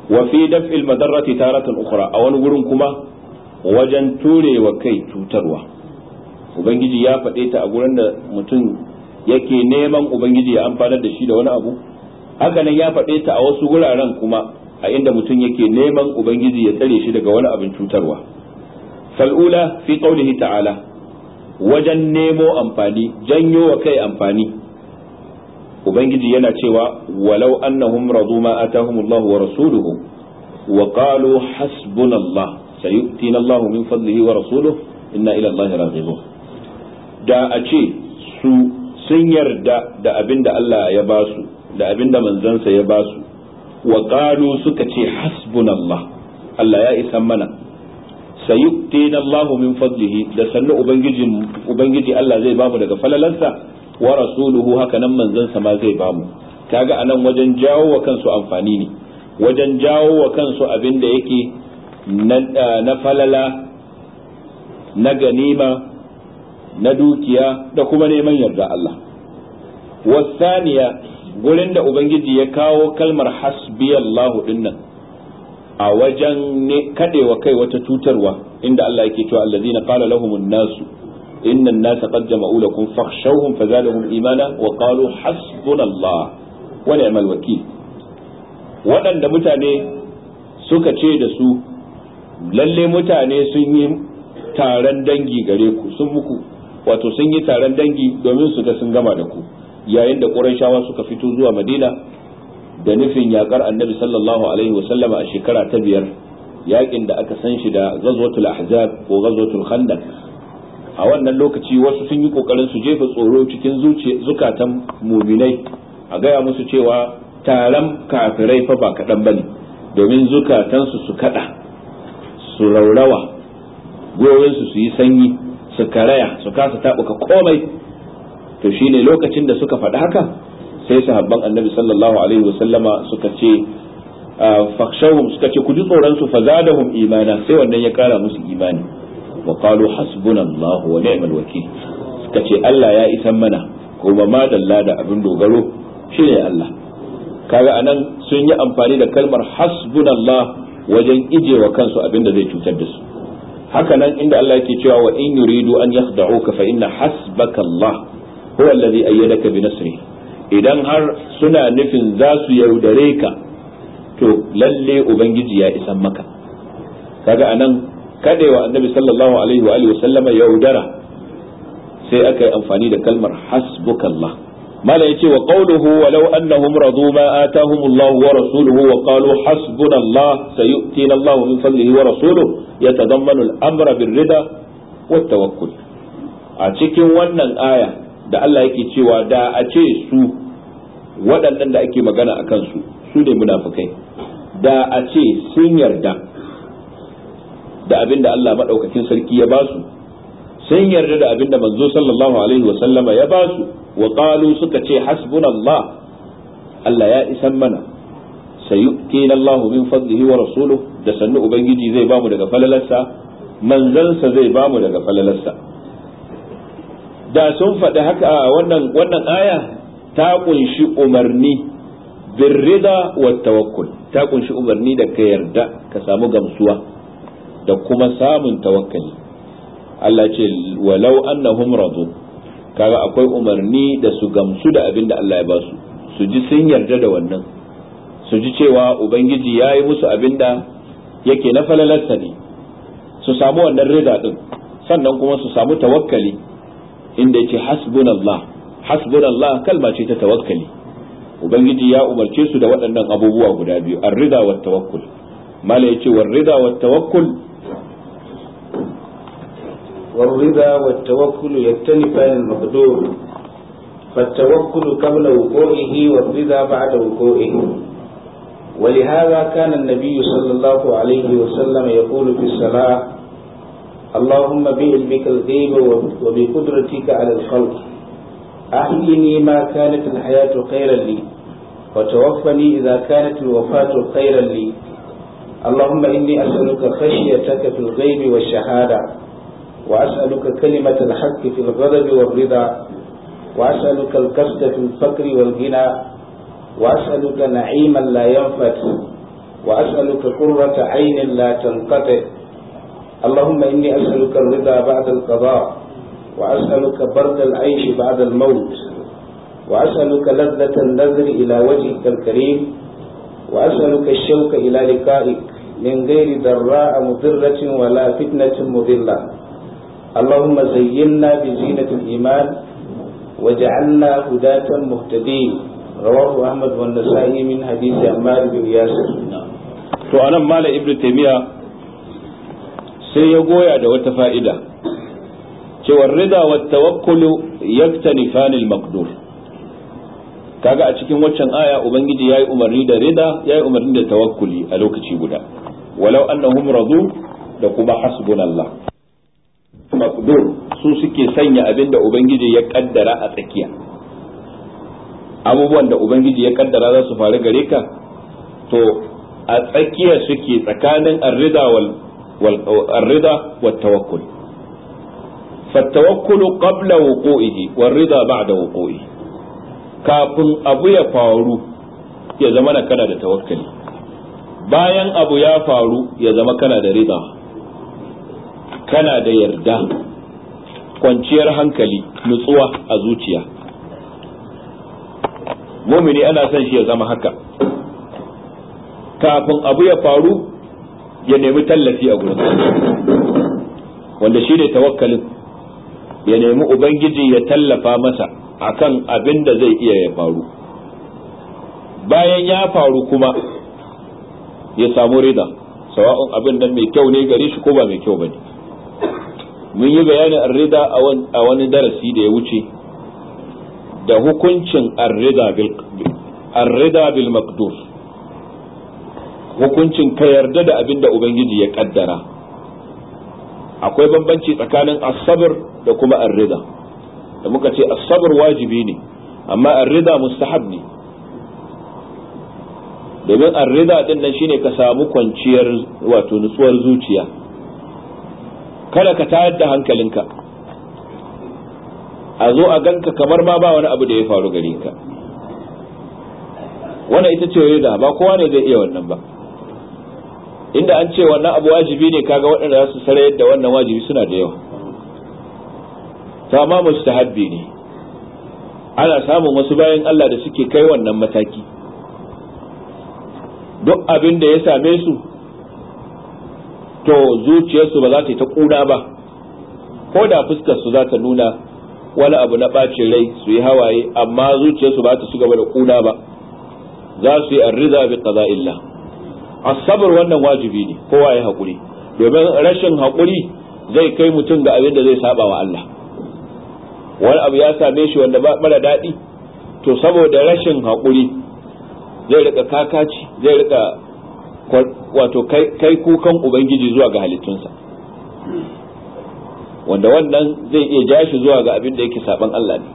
B: wa fi daf'il madarrati taratan ukhra a wani gurin kuma wajen turewa kai cutarwa ubangiji ya faɗe ta a gurin da mutum yake neman ubangiji ya amfanar da shi da wani abu hakanan ya faɗe ta a wasu wuraren kuma a inda mutum yake neman ubangiji ya tsare shi daga wani abin cutarwa fal'ula fi qaulihi ta'ala wajen nemo amfani janyo wa kai amfani ubangiji yana cewa walau annahum radu ma atahumullahu wa rasuluhu wa qalu hasbunallah sayu'tina min fadlihi wa rasuluhu inna ila Allahi raghibun da a ce su sun yarda da abin da Allah ya basu da abin da manzansa ya basu wa qalu suka ce hasbunallah Allah ya isa mana sayu'tina Allahu min fadlihi da sannu ubangiji ubangiji Allah zai bamu daga falalansa wa rasuluhu haka nan manzansa ma zai bamu kaga anan wajen jawo wa kansu amfani ne wajen jawo wa kansu abin da yake na falala na ganima na dukiya da kuma neman yarda Allah wasaniya gurin da ubangiji ya kawo kalmar hasbiyallahu dinnan a wajen ne kadewa kai wata tutarwa inda Allah yake cewa allazina qala lahumun nasu inna an-nasa qad jama'u lakum fakhshawhum fazadahum imana wa qalu hasbunallah wa ni'mal wakil waɗanda mutane suka ce da su lalle mutane sun yi taron dangi gare ku sun muku wato sun yi taron dangi domin su ga sun gama da ku yayin da ƙurashawa suka fito zuwa madina da nufin yakar annabi sallallahu alaihi wasallama a shekara ta biyar yaƙin da aka san shi da gazotul ahzab ko gazotul khandaq a wannan lokaci wasu sun yi kokarin su jefa tsoro cikin zukatan muminai a gaya musu cewa taron kafirai fa ba kaɗan bane domin zukatansu su kaɗa su raurawa goyon su su yi sanyi su karaya su kasa taɓuka komai to shine lokacin da suka faɗi haka sai sahabban annabi sallallahu alaihi wasallama suka ce ah, fakhshawhum suka ce ku ji tsoron su fa zadahum imana sai wannan ya kara musu imani wa qalu hasbunallahu wa ni'mal wakil suka ce Allah ya isan mana kuma ma dalla da abin dogaro shine Allah kaga anan sun yi amfani da kalmar hasbunallah wajen ijewa kansu abin da zai cutar da su haka nan inda Allah yake cewa wa in yuridu an yakhda'uka fa inna hasbaka Allah huwa allazi ayyadaka bi nasri idan har suna nufin za su yaudare ka to lalle ubangiji ya isan maka kaga anan kadewa annabi sallallahu alaihi wa alihi sallama yaudara sai aka yi amfani da kalmar hasbukallah mala yace wa qawluhu walau annahum radu ma atahum Allah wa rasuluhu wa qalu hasbunallah sayu'tina Allah min fadlihi wa rasuluhu yatadammanu al-amra bir-rida wat-tawakkul a cikin wannan aya da Allah yake cewa da a ce su waɗannan da ake magana a kansu su ne munafukai da a ce sun yarda da abin da Allah maɗaukakin sarki ya ba su sun yarda da abin da manzo sallallahu alaihi wa sallama ya ba su wa qalu suka ce hasbunallah Allah ya isan mana sayu'tina Allah min fadlihi wa rasuluhu da sannu ubangiji zai ba mu daga falalarsa manzansa zai ba mu daga falalarsa da sun faɗi haka wannan wannan aya ta kunshi umarni birrida wa tawakkul ta kunshi umarni da ka yarda ka samu gamsuwa da kuma samun tawakkali Allah ce walau annahum radu kaga akwai umarni da su gamsu da abin da Allah ya ba su su ji sun yarda da wannan su ji cewa ubangiji ya yi musu abin da yake na falalarsa ne su samu wannan rida din sannan kuma su samu tawakkali inda yake hasbunallah hasbunallah kalma ce ta tawakkali ubangiji ya umarce su da waɗannan abubuwa guda biyu ar-rida wat tawakkul mala yace war-rida wat tawakkul war rida tawakkul والرضا
A: والتوكل يختلفان المقدور فالتوكل قبل وقوعه والرضا بعد وقوعه ولهذا كان النبي صلى الله عليه وسلم يقول في الصلاة اللهم بعلمك الغيب وبقدرتك على الخلق أحيني ما كانت الحياة خيرا لي وتوفني إذا كانت الوفاة خيرا لي اللهم إني أسألك خشيتك في الغيب والشهادة وأسألك كلمة الحق في الغضب والرضا وأسألك الكسد في الفقر والغنى وأسألك نعيما لا ينفت وأسألك قرة عين لا تنقطع اللهم إني أسألك الرضا بعد القضاء وأسألك برد العيش بعد الموت وأسألك لذة النذر إلى وجهك الكريم وأسألك الشوق إلى لقائك من غير ضراء مضرة ولا فتنة مضلة اللهم زينا بزينة الإيمان وجعلنا هداة مهتدين
B: رواه أحمد والنسائي من حديث عمار بن ياسر. to anan mala ibnu taymiya sai ya goya da wata fa'ida cewar rida wa tawakkulu yaktanifan fanil maqdur kaga a cikin waccan aya ubangiji yayi umarni da rida yayi umarni da tawakkuli a lokaci guda walau annahum radu da kuma hasbunallah maqdur su suke sanya abin da ubangiji ya kaddara a tsakiya abubuwan da ubangiji ya kaddara za su faru gare ka to a tsakiya suke tsakanin arrida wal والرضا والتوكل فالتوكل قبل وقوعه والرضا بعد وقوعه كافن أبو يفارو ya zama na kana da tawakkali bayan abu ya faru ya zama kana da rida kana da yarda kwanciyar hankali nutsuwa a zuciya mumini ana son shi ya zama haka kafin abu ya faru ya nemi tallafi a gurin wanda shi ne tawakkalin ya nemi ubangiji ya tallafa masa akan abin da zai iya ya faru bayan ya faru kuma ya samu rida sawa'un abin nan mai kyau ne gare shi ko ba mai kyau ba ne mun yi bayanin arrida a wani darasi da ya wuce da hukuncin arrida bil maqdur hukuncin ka yarda da abin da ubangiji ya kaddara akwai bambanci tsakanin asabar da kuma arrida da muka ce asabar wajibi ne amma arrida mustahab ne domin arrida din nan shine ka samu kwanciyar wato nutsuwar zuciya kada ka tayar da hankalinka a zo a ganka kamar ma ba wani abu da ya faru gare ka wannan ita ce rida ba kowa ne zai iya wannan ba inda an ce wannan abu wajibi ne kaga waɗanda za su sarayar da wannan wajibi suna da yawa amma mustahabbi ne ana samun wasu bayan Allah da suke kai wannan mataki duk abin da ya same su to zuciyarsu ba za ta yi ta ƙuna ba ko da fuskarsu za ta nuna wani abu na ɓacin rai su yi hawaye amma zuciyarsu ba ta su gaba da ƙuna ba za su yi arriza bi qada'illah asabar wannan wajibi ne kowa ya haƙuri domin rashin haƙuri zai kai mutum ga abin da zai saba wa Allah wani abu ya same shi wanda ba mara daɗi to saboda rashin haƙuri zai rika kakaci zai rika wato kai kukan ubangiji zuwa ga halittunsa wanda wannan zai iya ja shi zuwa ga abin da yake saban Allah ne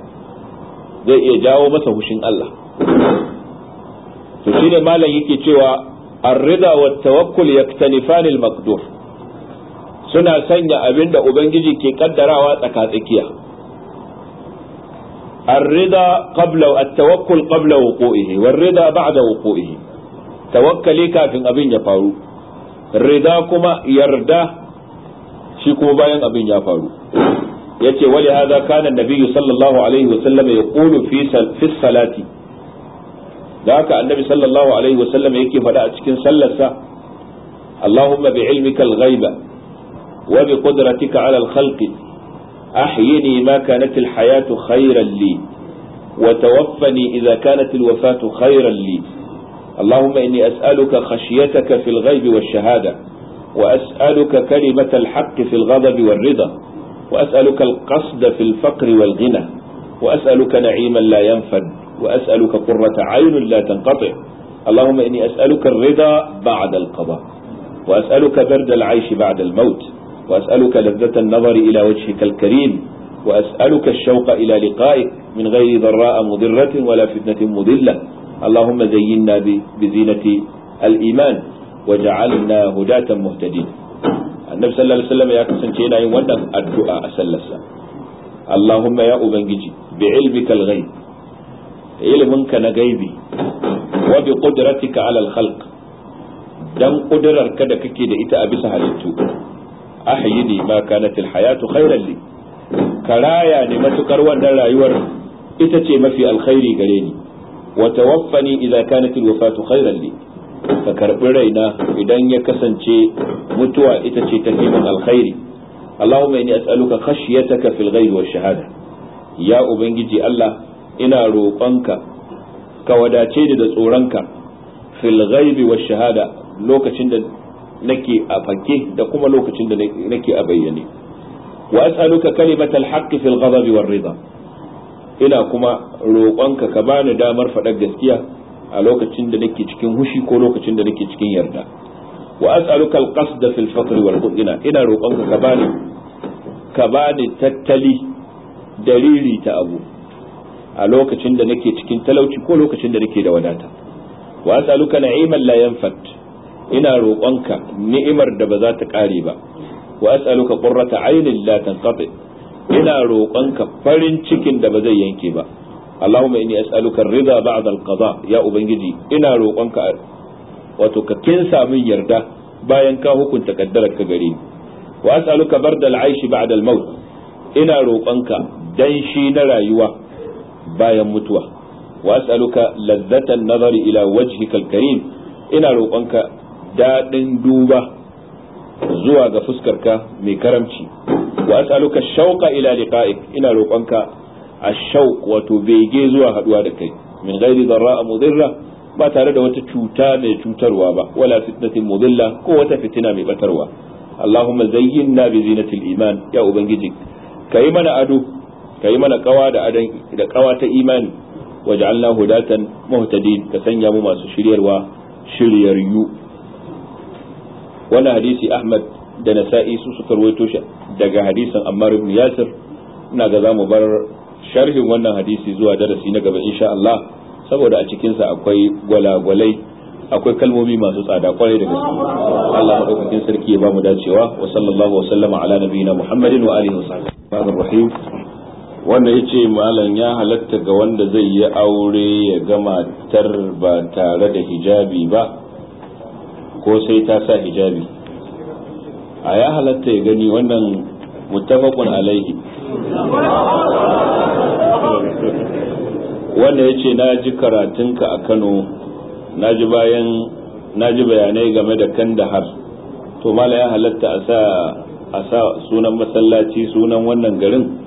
B: zai iya jawo masa hushin Allah to shine malam yake cewa arrida wa tawakkul yaktanifan al suna sanya abinda ubangiji ke kaddarawa tsaka tsakiya arrida qabla at-tawakkul qabla wuqu'ihi warida ba'da wuqu'ihi tawakkali kafin abin ya faru rida kuma yarda shi kuma bayan abin ya faru yace wali hadha kana an-nabi sallallahu alaihi wasallam da haka annabi sallallahu alaihi wasallam yake faɗa a cikin sallarsa allahumma bi ilmika al-ghaiba wa bi qudratika ala al-khalq ahyini ma kanat al-hayatu khayran li wa tawaffani idha kanat al-wafatu khayran li اللهم إني أسألك خشيتك في الغيب والشهادة وأسألك كلمة الحق في الغضب والرضا وأسألك القصد في الفقر والغنى وأسألك نعيما لا ينفد وأسألك قرة عين لا تنقطع اللهم إني أسألك الرضا بعد القضاء وأسألك برد العيش بعد الموت وأسألك لذة النظر إلى وجهك الكريم وأسألك الشوق إلى لقائك من غير ضراء مضرة ولا فتنة مضلة اللهم زينا بزينة الإيمان وجعلنا هداة مهتدين النبي صلى الله عليه وسلم يا كسن شينا يوانا الدعاء أسلسا اللهم يا أبنجي بعلمك الغيب ilminka na gaibi wa bi qudratika ala al-khalq dan kudirarka da kake da ita a bisa halittu ahyini ma kanat al-hayatu khayran li karaya ne matukar wannan rayuwar ita ce mafi alkhairi gare ni wa tawaffani idza kanat al-wafatu khayran li ka karbi raina idan ya kasance mutuwa ita ce ta fi min alkhairi Allahumma inni as'aluka khashyataka fil ghaibi wash shahada ya ubangiji Allah ina roƙonka ka wadace ni da tsoronka fil ghaibi wash shahada lokacin da nake a fanke da kuma lokacin da nake a bayyane wa as'aluka kalimatal haqqi fil ghadabi war rida ina kuma roƙonka ka bani damar faɗar gaskiya a lokacin da nake cikin hushi ko lokacin da nake cikin yarda wa as'aluka al-qasda fil faqr wal ghina ina roƙonka ka bani ka bani tattali dalili ta abu a lokacin da nake cikin talauci ko lokacin da nake da wadata wa as'aluka na'iman la yanfat ina roƙonka ni'imar da ba za ta ƙare ba wa as'aluka qurrata aynin la tanqati ina roƙonka farin cikin da ba zai yanke ba Allahumma inni as'aluka ar-ridha ba'da al-qada ya ubangiji ina roƙonka wato ka kinsa min yarda bayan ka hukunta kaddarar ka gare ni wa as'aluka bardal aishi ba'da al-maut ina roƙonka danshi na rayuwa bayan mutuwa wa as'aluka ladzatan nazari ila wajhikal karim ina roƙonka daɗin duba zuwa ga fuskarka mai karamci wa as'aluka shauqa ila liqa'ik ina roƙonka A shauq wato bege zuwa haduwa da kai min ghairi dharra mudirra ba tare da wata cuta mai cutarwa ba wala fitnatin mudilla ko wata fitina mai batarwa allahumma zayyinna bi zinatil iman ya ubangiji yi mana ado ka yi mana kawa da adan da kawa ta imani ja'alna hudatan muhtadin ka sanya mu masu shiryarwa yu wannan hadisi Ahmad da Nasa'i su suka rawaito shi daga hadisin Ammar ibn Yasir ina ga zamu bar sharhin wannan hadisi zuwa darasi na gaba insha Allah saboda a cikinsa akwai gwalagwalai akwai kalmomi masu tsada kwarai da gaske Allah madaukakin sarki ya bamu dacewa wa sallallahu wa sallama ala nabiyina Muhammadin wa alihi wa wanda ya ce malam ya halatta ga wanda zai yi aure ya gama tar ba tare da hijabi ba ko sai ta sa hijabi a ya halatta ya gani wannan mutafakun alaihi wanda ya ce na ji karatunka a kano na ji bayan na ji bayanai game da kandahar to mala ya halatta a sa sunan masallaci sunan wannan garin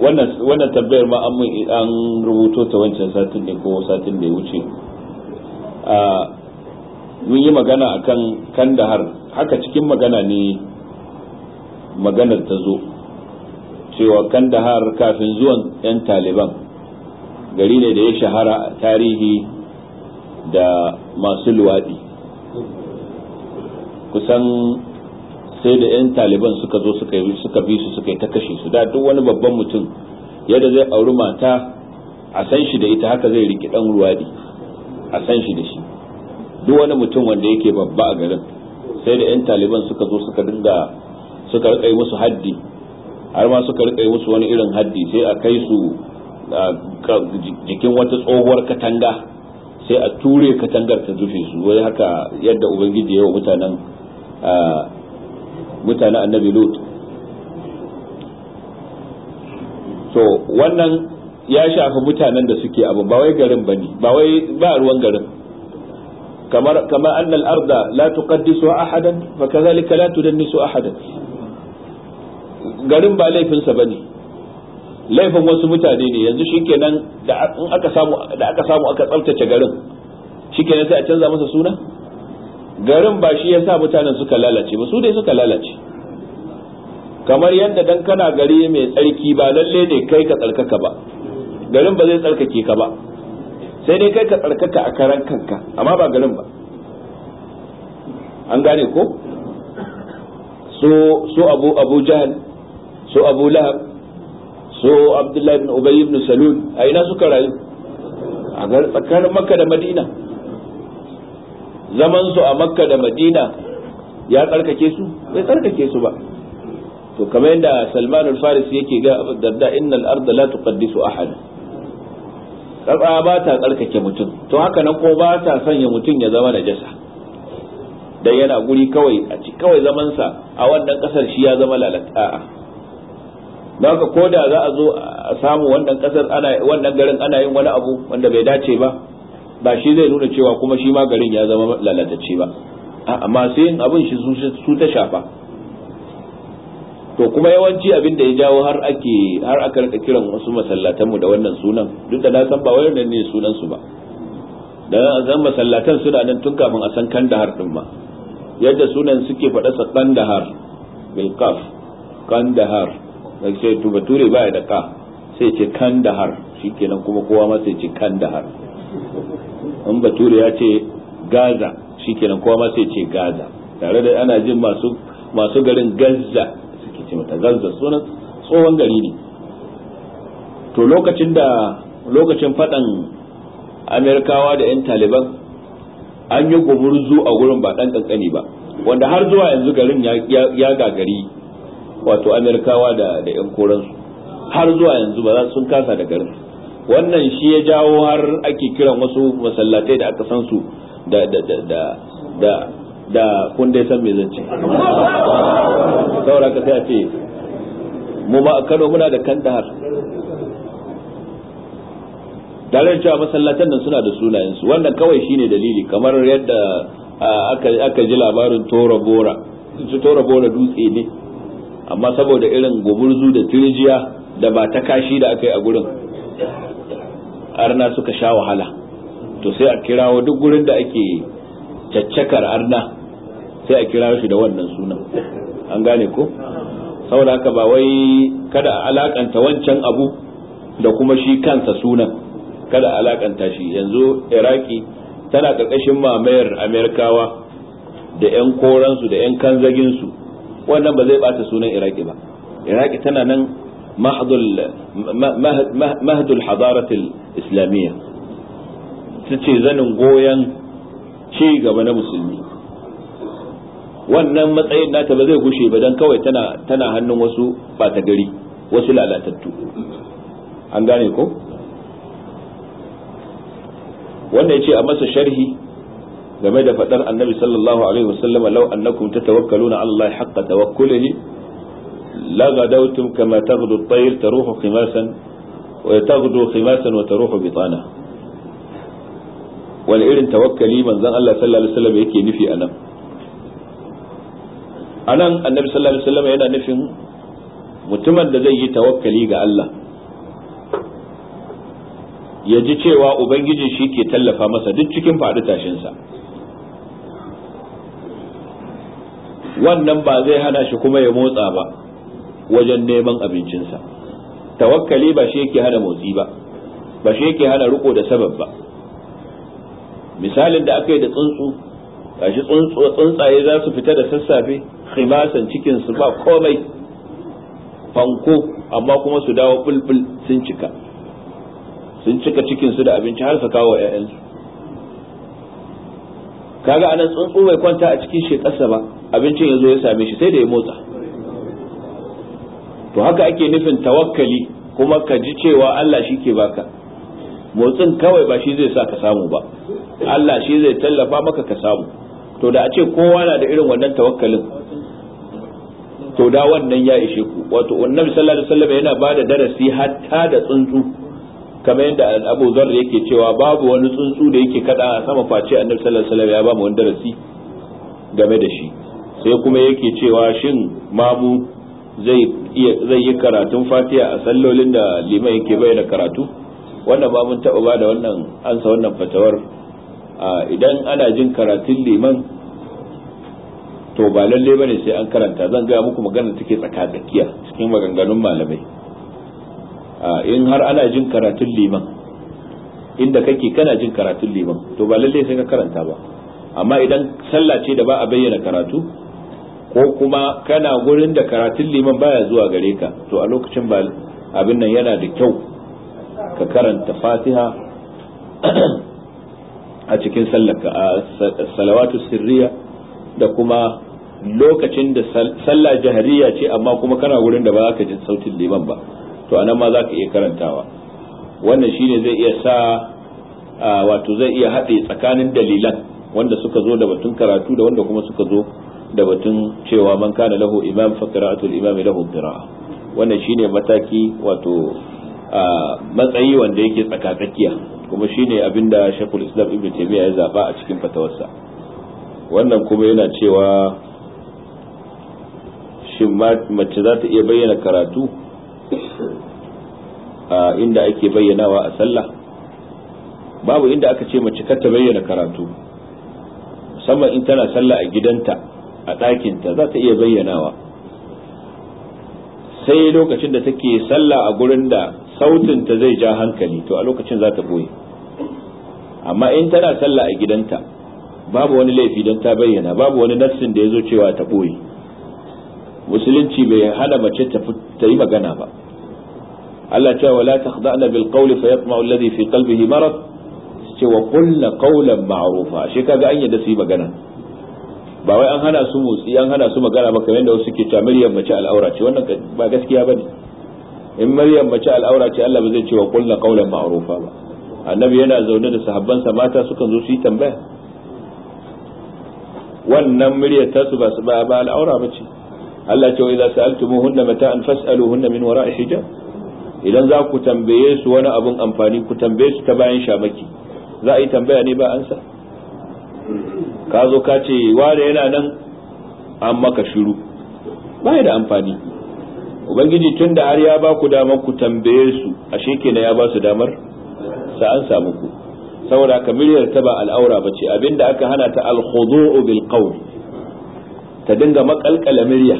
B: wannan tambayar ma an rubuto ta wancan satin ne ko satin da ya wuce mun yi magana a kan kandahar haka cikin magana ne maganar ta zo cewa kandahar kafin zuwan 'yan taliban gari ne da ya shahara a tarihi da masu luwaɗi kusan sai da 'yan taliban suka zo suka bi su suka yi ta kashe su da duk wani babban mutum yadda zai auri mata a san shi da ita haka zai riki dan ruwadi a san shi da shi duk wani mutum wanda yake babba a garin sai da 'yan taliban suka zo suka dinga suka rika yi musu haddi har ma suka rika yi musu wani irin haddi sai a kai su jikin wata tsohuwar katanga sai a ture katangar ta zufe su wai haka yadda ubangiji ya wa mutanen mutane annabi lut to wannan ya shafi mutanen da suke abu ba wai garin bane ba wai ba ruwan garin kamar kamar annal arda la tuqaddisu ahadan fa kadhalika la tudannisu ahadan garin ba laifinsa bane laifin wasu mutane ne yanzu shikenan da aka samu da aka samu aka tsaftace garin shikenan sai a canza masa suna garin ba shi yasa mutanen suka lalace ba su dai suka lalace kamar yadda dan kana gari mai tsarki ba lalle ne kai ka tsarkaka ba garin ba zai tsarkake ka ba sai dai kai ka tsarkaka a karan kanka amma ba garin ba an gane ko so so abu abu jahal so abu lahab so abdullahi ibn ubay ibn salul a ina suka rayu a tsakanin makka da madina zaman su a makka da madina ya tsarkake su bai tsarkake su ba to kamar yadda salman al-faris yake ga abu darda innal arda la tuqaddisu ahad tsatsa ba ta tsarkake mutum to haka nan ko ba ta sanya mutum ya zama najasa dan yana guri kawai a ci kawai zamansa a wannan kasar shi ya zama lalata don ko da za a zo a samu wannan kasar ana wannan garin ana yin wani abu wanda bai dace ba ba shi zai nuna cewa kuma shi ma garin ya zama lalatacce ba amma sai yin abin shi su ta shafa to kuma yawanci abin da ya jawo har ake har aka rika kiran wasu masallatanmu da wannan sunan duk da na san ba wannan ne sunan su ba da a san masallatan suna nan tun kafin a san kandahar din ma yadda sunan suke faɗa sa kandahar bil qaf kandahar sai ce to bature ba da ka sai ce kandahar shikenan kuma kowa ma sai ce kandahar in bature ya ce gaza shikenan kowa ma sai ce gaza tare da ana jin masu masu garin gaza suke ce mata gaza sunan tsohon gari ne to lokacin da lokacin faɗan amerikawa da 'yan taliban an yi gumurzu a gurin ba dan kankani ba wanda har zuwa yanzu garin ya gagari wato amerikawa da 'yan koransu har zuwa yanzu ba za sun kasa da garin wannan shi ya jawo har ake kiran wasu masallatai da aka san su da kun dai san me zance saboda sai a ce mu ba a Kano muna da Kandahar tare cewa masallatan nan suna da sunayensu wannan kawai shine dalili kamar yadda aka ji labarin tora bora su tora bora dutse ne amma saboda irin gumurzu da turjiya da ba ta kashi da aka yi a gurin arna suka sha wahala to sai a kirawo duk gurin da ake caccakar arna sai a kira shi da wannan sunan an gane ko saboda haka ba wai kada a alakanta wancan abu da kuma shi kansa sunan kada alakanta shi yanzu iraki tana ƙarƙashin mamayar amerikawa da 'yan koransu da 'yan kanzaginsu wannan ba zai bata sunan iraki ba iraki tana nan mahdul hadaratul islamiyya ta ce zanin goyon cigaba na musulmi wannan matsayin nata ba zai gushe ba dan kawai tana hannun wasu ta gari wasu lalatattu an gane ko wannan ya ce a masa sharhi game da faɗar annabi sallallahu alaihi wasallama lau annakum tatawakkaluna ala Allah haqqa tawakkulihi لغدوتم كما تغدو الطير تروح خماسا وتغدو خماسا وتروح بطانا والإرن توكلي من manzon الله صلى الله عليه وسلم يكي نفي أنا أنا النبي صلى الله عليه وسلم yana نفي mutumin da zai yi tawakkali ga Allah ya ji cewa ubangiji shi ke tallafa masa duk cikin faɗi tashinsa wannan ba zai hana shi kuma ya motsa ba wajen neman abincinsa tawakkali ba shi yake hana motsi ba ba shi yake hana riko da sabab ba misalin da aka yi da tsuntsu gashi tsuntsaye za su fita da sassafe khimasan cikin su ba komai fanko amma kuma su dawo bulbul sun cika sun cika cikin su da abinci har su kawo ƴaƴansu kaga anan tsuntsu bai kwanta a cikin shi ƙasa ba abincin ya ya same shi sai da ya motsa to haka ake nufin tawakkali kuma ka ji cewa Allah shi ke baka motsin kawai ba shi zai sa ka samu ba Allah shi zai tallafa maka ka samu to da a ce kowa na da irin wannan tawakkalin to da wannan ya ishe ku wato annabi sallallahu alaihi wasallam yana ba da darasi hatta da tsuntsu kamar yadda Abu Dharr yake cewa babu wani tsuntsu da yake kada a sama face annabi sallallahu alaihi wasallam ya ba mu wani darasi game da shi sai kuma yake cewa shin mamu zai yi karatun fatiha a sallolin da liman yake bayyana karatu wannan ba mun taɓa ba da wannan ansa wannan fatawar idan ana jin karatun liman to ba lalle bane sai an karanta zan gaya muku magana take tsaka tsakiya cikin maganganun malamai in har ana jin karatun liman inda kake kana jin karatun liman to ba lalle sai ka karanta ba amma idan sallah ce da ba a bayyana karatu ko kuma kana gurin da karatun liman baya zuwa gare ka to a lokacin ba abin nan yana da kyau ka karanta fatiha a cikin sallarka a salawatu sirriya da kuma lokacin da sallah jahariya ce amma kuma kana wurin da ba za ka ji sautin liman ba to anan ma za ka iya karantawa wannan shine zai iya sa wato zai iya haɗe tsakanin dalilan wanda suka zo da batun karatu da wanda kuma suka zo da batun cewa man kana lahu imam fa qira'atul imam lahu qira'a wannan shine mataki wato matsayi wanda yake tsakatsakiya kuma shine abinda shekul Islam Ibn taymiya ya zaba a cikin fatawarsa wannan kuma yana cewa shin mace za ta iya bayyana karatu a inda ake bayyanawa a sallah babu inda aka ce mace kar ta bayyana karatu musamman in tana sallah a gidanta a ɗakinta za ta iya bayyanawa sai lokacin da take sallah a gurin da sautinta zai ja hankali to a lokacin za ta boye amma in tana sallah a gidanta babu wani laifi don ta bayyana babu wani nassin da ya zo cewa ta boye musulunci bai hana mace ta yi magana ba Allah cewa wala takhda'na bil qawli fa yatma'u alladhi fi qalbihi marad cewa qulna qawlan ma'rufa shi kaga an yadda su yi magana ba wai an hana su motsi an hana su magana ba kamar yadda wasu suke ta Maryam mace al'aura ce wannan ba gaskiya bane in Maryam mace al'aura ce Allah ba zai ce wa kullu qawlan ma'rufa ba annabi yana zaune da sahabbansa mata suka zo su yi tambaya wannan muryar tasu ba su ba al'aura ba ce Allah ce wa idza sa'altumuhunna mata'an fas'aluhunna min wara'i hijab idan za ku tambaye su wani abun amfani ku tambaye su ta bayan shamaki za a yi tambaya ne ba ansa ka zo ka ce ware yana nan an maka shiru ba da amfani ubangiji tun da har ya ba ku damar ku tambaye su a kenan ya ba su damar sa an samu ku saboda haka miliyar ta ba al'aura ba ce abinda aka hana ta alkhudu'u bil qawl ta dinga makalkala miliya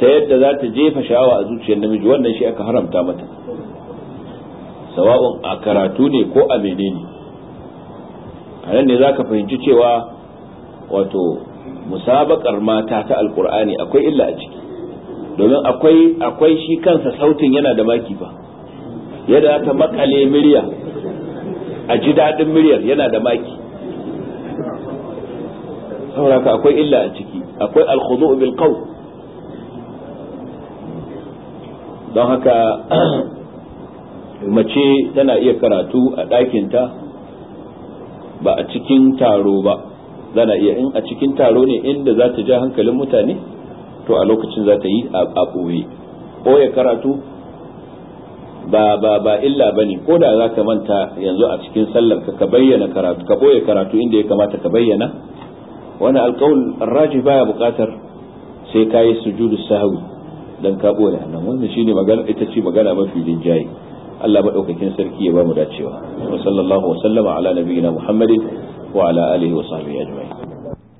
B: ta yadda za ta jefa shawa a zuciyar namiji wannan shi aka haramta mata sawa'un a karatu ne ko a menene a nan ne za ka fahimci cewa wato musabakar mata ta alkur'ani akwai illa a ciki domin akwai akwai shi kansa sautin yana da maki ba yadda ta makale murya a ji daɗin muryar yana da maki saboda akwai illa a ciki akwai alkhudu bil qaw don haka mace tana iya karatu a ɗakinta ba a cikin taro ba zana iya in a cikin taro ne inda za ta ja hankalin mutane to a lokacin za ta yi a ɓoye ɓoye karatu ba ba ba illa ba ne ko da za ka manta yanzu a cikin sallar ka ka bayyana karatu ka ɓoye karatu inda ya kamata ka bayyana wani alƙawul raji baya buƙatar sai ka yi sujudu sahwi dan ka ɓoye nan wannan shine magana ita ce magana mafi linjaye Allah madaukakin sarki ya ba mu dacewa wa sallallahu wa sallama ala nabiyyina muhammadin wa ala alihi wa sahbihi ajma'in